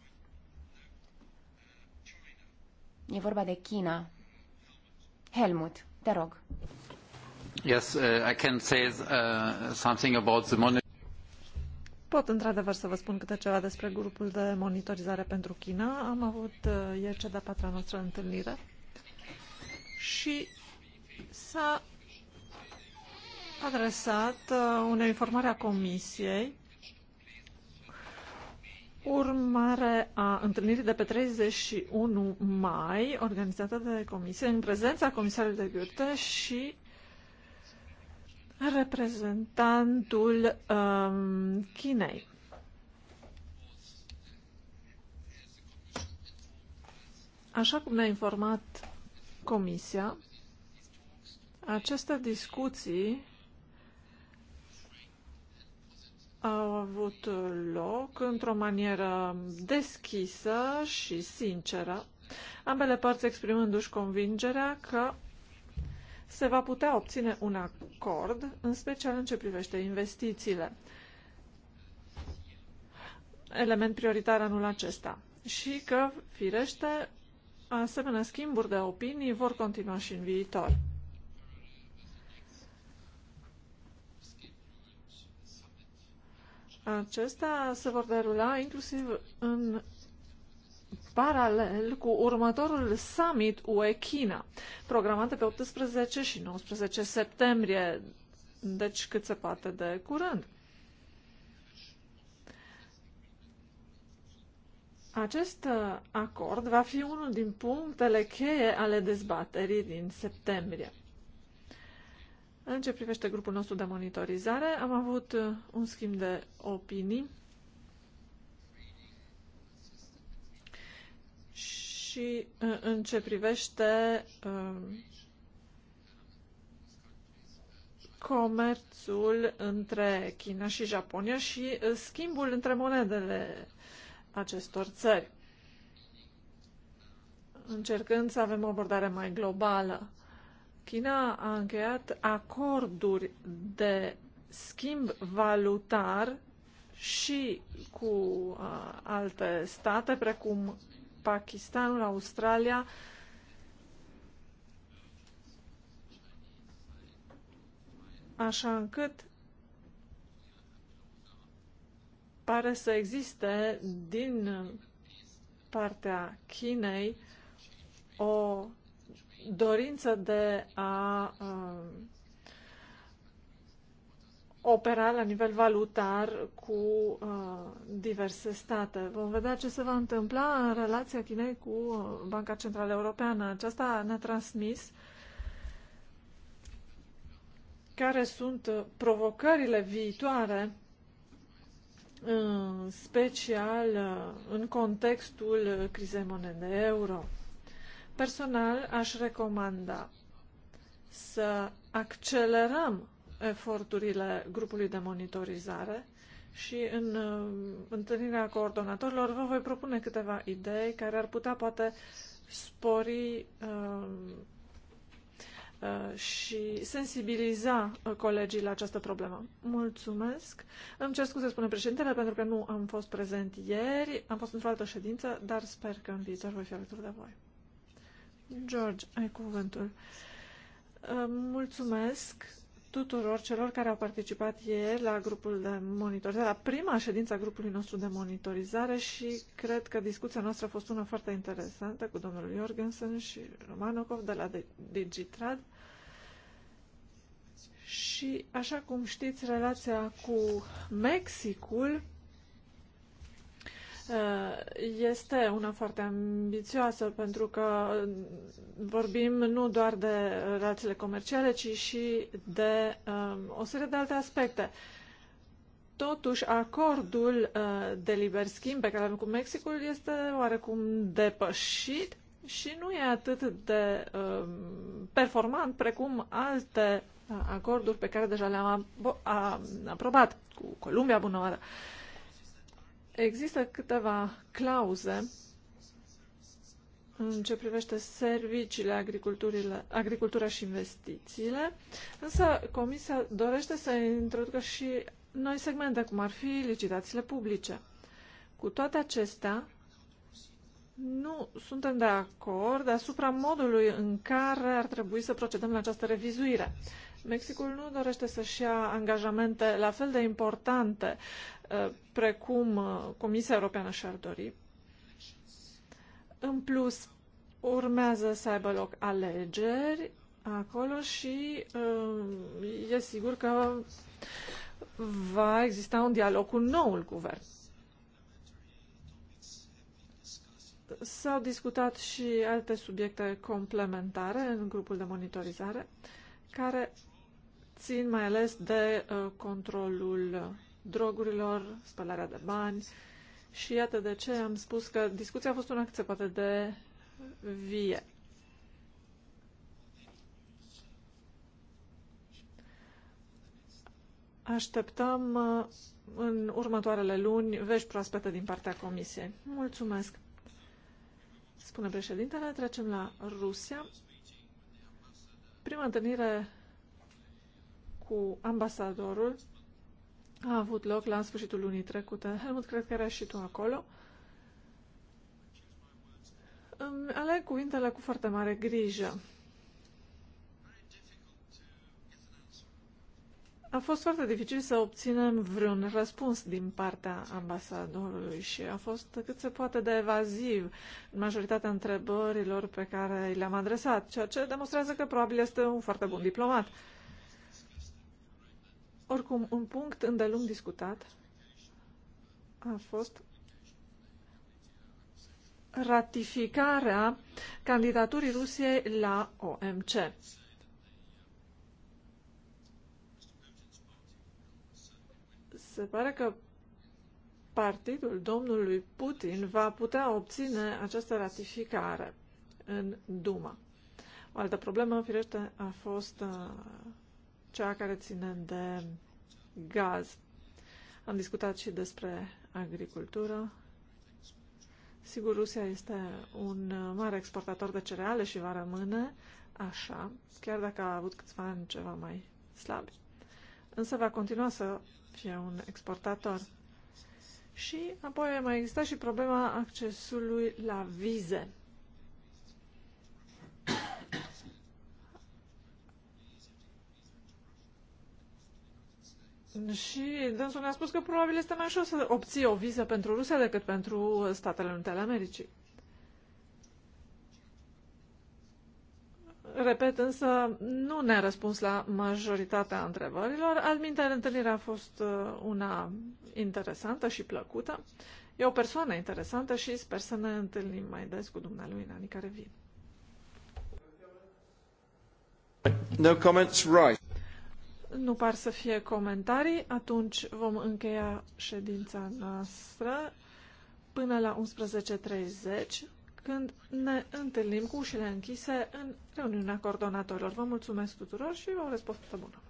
S3: E vorba de China. Helmut, te rog.
S2: Yes, uh, I can say uh, something about the
S3: Pot într-adevăr să vă spun câte ceva
S1: despre grupul de monitorizare pentru China. Am avut uh, ieri cea de-a patra noastră întâlnire și s-a adresat uh, unei informare a Comisiei urmare a întâlnirii de pe 31 mai organizată de Comisie în prezența Comisarului de Gârte și reprezentantul um, Chinei. Așa cum ne-a informat Comisia, aceste discuții au avut loc într-o manieră deschisă și sinceră, ambele părți exprimându-și convingerea că se va putea obține un acord, în special în ce privește investițiile. Element prioritar anul acesta. Și că, firește, asemenea schimburi de opinii vor continua și în viitor. Acestea se vor derula inclusiv în paralel cu următorul summit UE-China, programat pe 18 și 19 septembrie, deci cât se poate de curând. Acest uh, acord va fi unul din punctele cheie ale dezbaterii din septembrie. În ce privește grupul nostru de monitorizare, am avut uh, un schimb de opinii și uh, în ce privește uh, comerțul între China și Japonia și uh, schimbul între monedele acestor țări, încercând să avem o abordare mai globală. China a încheiat acorduri de schimb valutar și cu alte state, precum Pakistanul, Australia. Așa încât pare să existe din partea Chinei o dorință de a uh, opera la nivel valutar cu uh, diverse state. Vom vedea ce se va întâmpla în relația Chinei cu uh, Banca Centrală Europeană. Aceasta ne-a transmis care sunt uh, provocările viitoare, în uh, special în contextul crizei monede euro. Personal, aș recomanda să accelerăm eforturile grupului de monitorizare și în uh, întâlnirea coordonatorilor vă voi propune câteva idei care ar putea poate spori um, uh, și sensibiliza uh, colegii la această problemă. Mulțumesc. Îmi cer scuze, spune președintele, pentru că nu am fost prezent ieri, am fost într-o altă ședință, dar sper că în viitor voi fi alături de voi. George, ai cuvântul. mulțumesc tuturor celor care au participat ieri la grupul de monitorizare, la prima ședință a grupului nostru de monitorizare și cred că discuția noastră a fost una foarte interesantă cu domnul Jorgensen și Romanokov de la Digitrad. Și, așa cum știți, relația cu Mexicul Eh, este una foarte ambițioasă pentru că mm, vorbim nu doar de relațiile comerciale, ci și de eh, o serie de alte aspecte. Totuși, acordul eh, de liber schimb pe care l-am cu Mexicul este oarecum depășit și nu e atât de performant precum alte acorduri pe care deja le-am aprobat cu Columbia, bună oară. Există câteva clauze în ce privește serviciile, agricultura și investițiile, însă Comisia dorește să introducă și noi segmente, cum ar fi licitațiile publice. Cu toate acestea, nu suntem de acord asupra modului în care ar trebui să procedăm la această revizuire. Mexicul nu dorește să-și ia angajamente la fel de importante uh, precum uh, Comisia Europeană și-ar dori. În plus, urmează să aibă loc alegeri acolo și uh, e sigur că va exista un dialog cu noul guvern. S-au discutat și alte subiecte complementare în grupul de monitorizare, care țin mai ales de uh, controlul drogurilor, spălarea de bani și iată de ce am spus că discuția a fost una cât se poate de vie. Așteptăm uh, în următoarele luni vești proaspete din partea Comisiei. Mulțumesc! Spune președintele, trecem la Rusia. Prima întâlnire cu ambasadorul a avut loc la sfârșitul lunii trecute. Helmut, cred că era și tu acolo. Îmi aleg cuvintele cu foarte mare grijă. A fost foarte dificil să obținem vreun răspuns din partea ambasadorului și a fost cât se poate de evaziv în majoritatea întrebărilor pe care le-am adresat, ceea ce demonstrează că probabil este un foarte bun diplomat. Uh, oricum, un punct îndelung discutat a fost ratificarea candidaturii Rusiei la OMC. Se pare că partidul domnului Putin va putea obține această ratificare în Duma. O altă problemă, firește, a fost uh, cea care ține de gaz. Am discutat și despre agricultură. Sigur, Rusia este un mare exportator de cereale și va rămâne așa, chiar dacă a avut câțiva ani ceva mai slabi. Însă va continua să fie un exportator. Și apoi mai exista și problema accesului la vize. Și dânsul ne-a spus că probabil este mai ușor să obții o viză pentru Rusia decât pentru Statele Unite ale Americii. Repet, însă nu ne-a răspuns la majoritatea întrebărilor. Admintea întâlnirea a fost uh, una interesantă și plăcută. E o persoană interesantă și sper să ne întâlnim mai des cu dumnealui în anii care vin. No comments, right. Nu par să fie comentarii, atunci vom încheia ședința noastră până la 11.30, când ne întâlnim cu ușile închise în reuniunea coordonatorilor. Vă mulțumesc tuturor și vă urez poftă bună!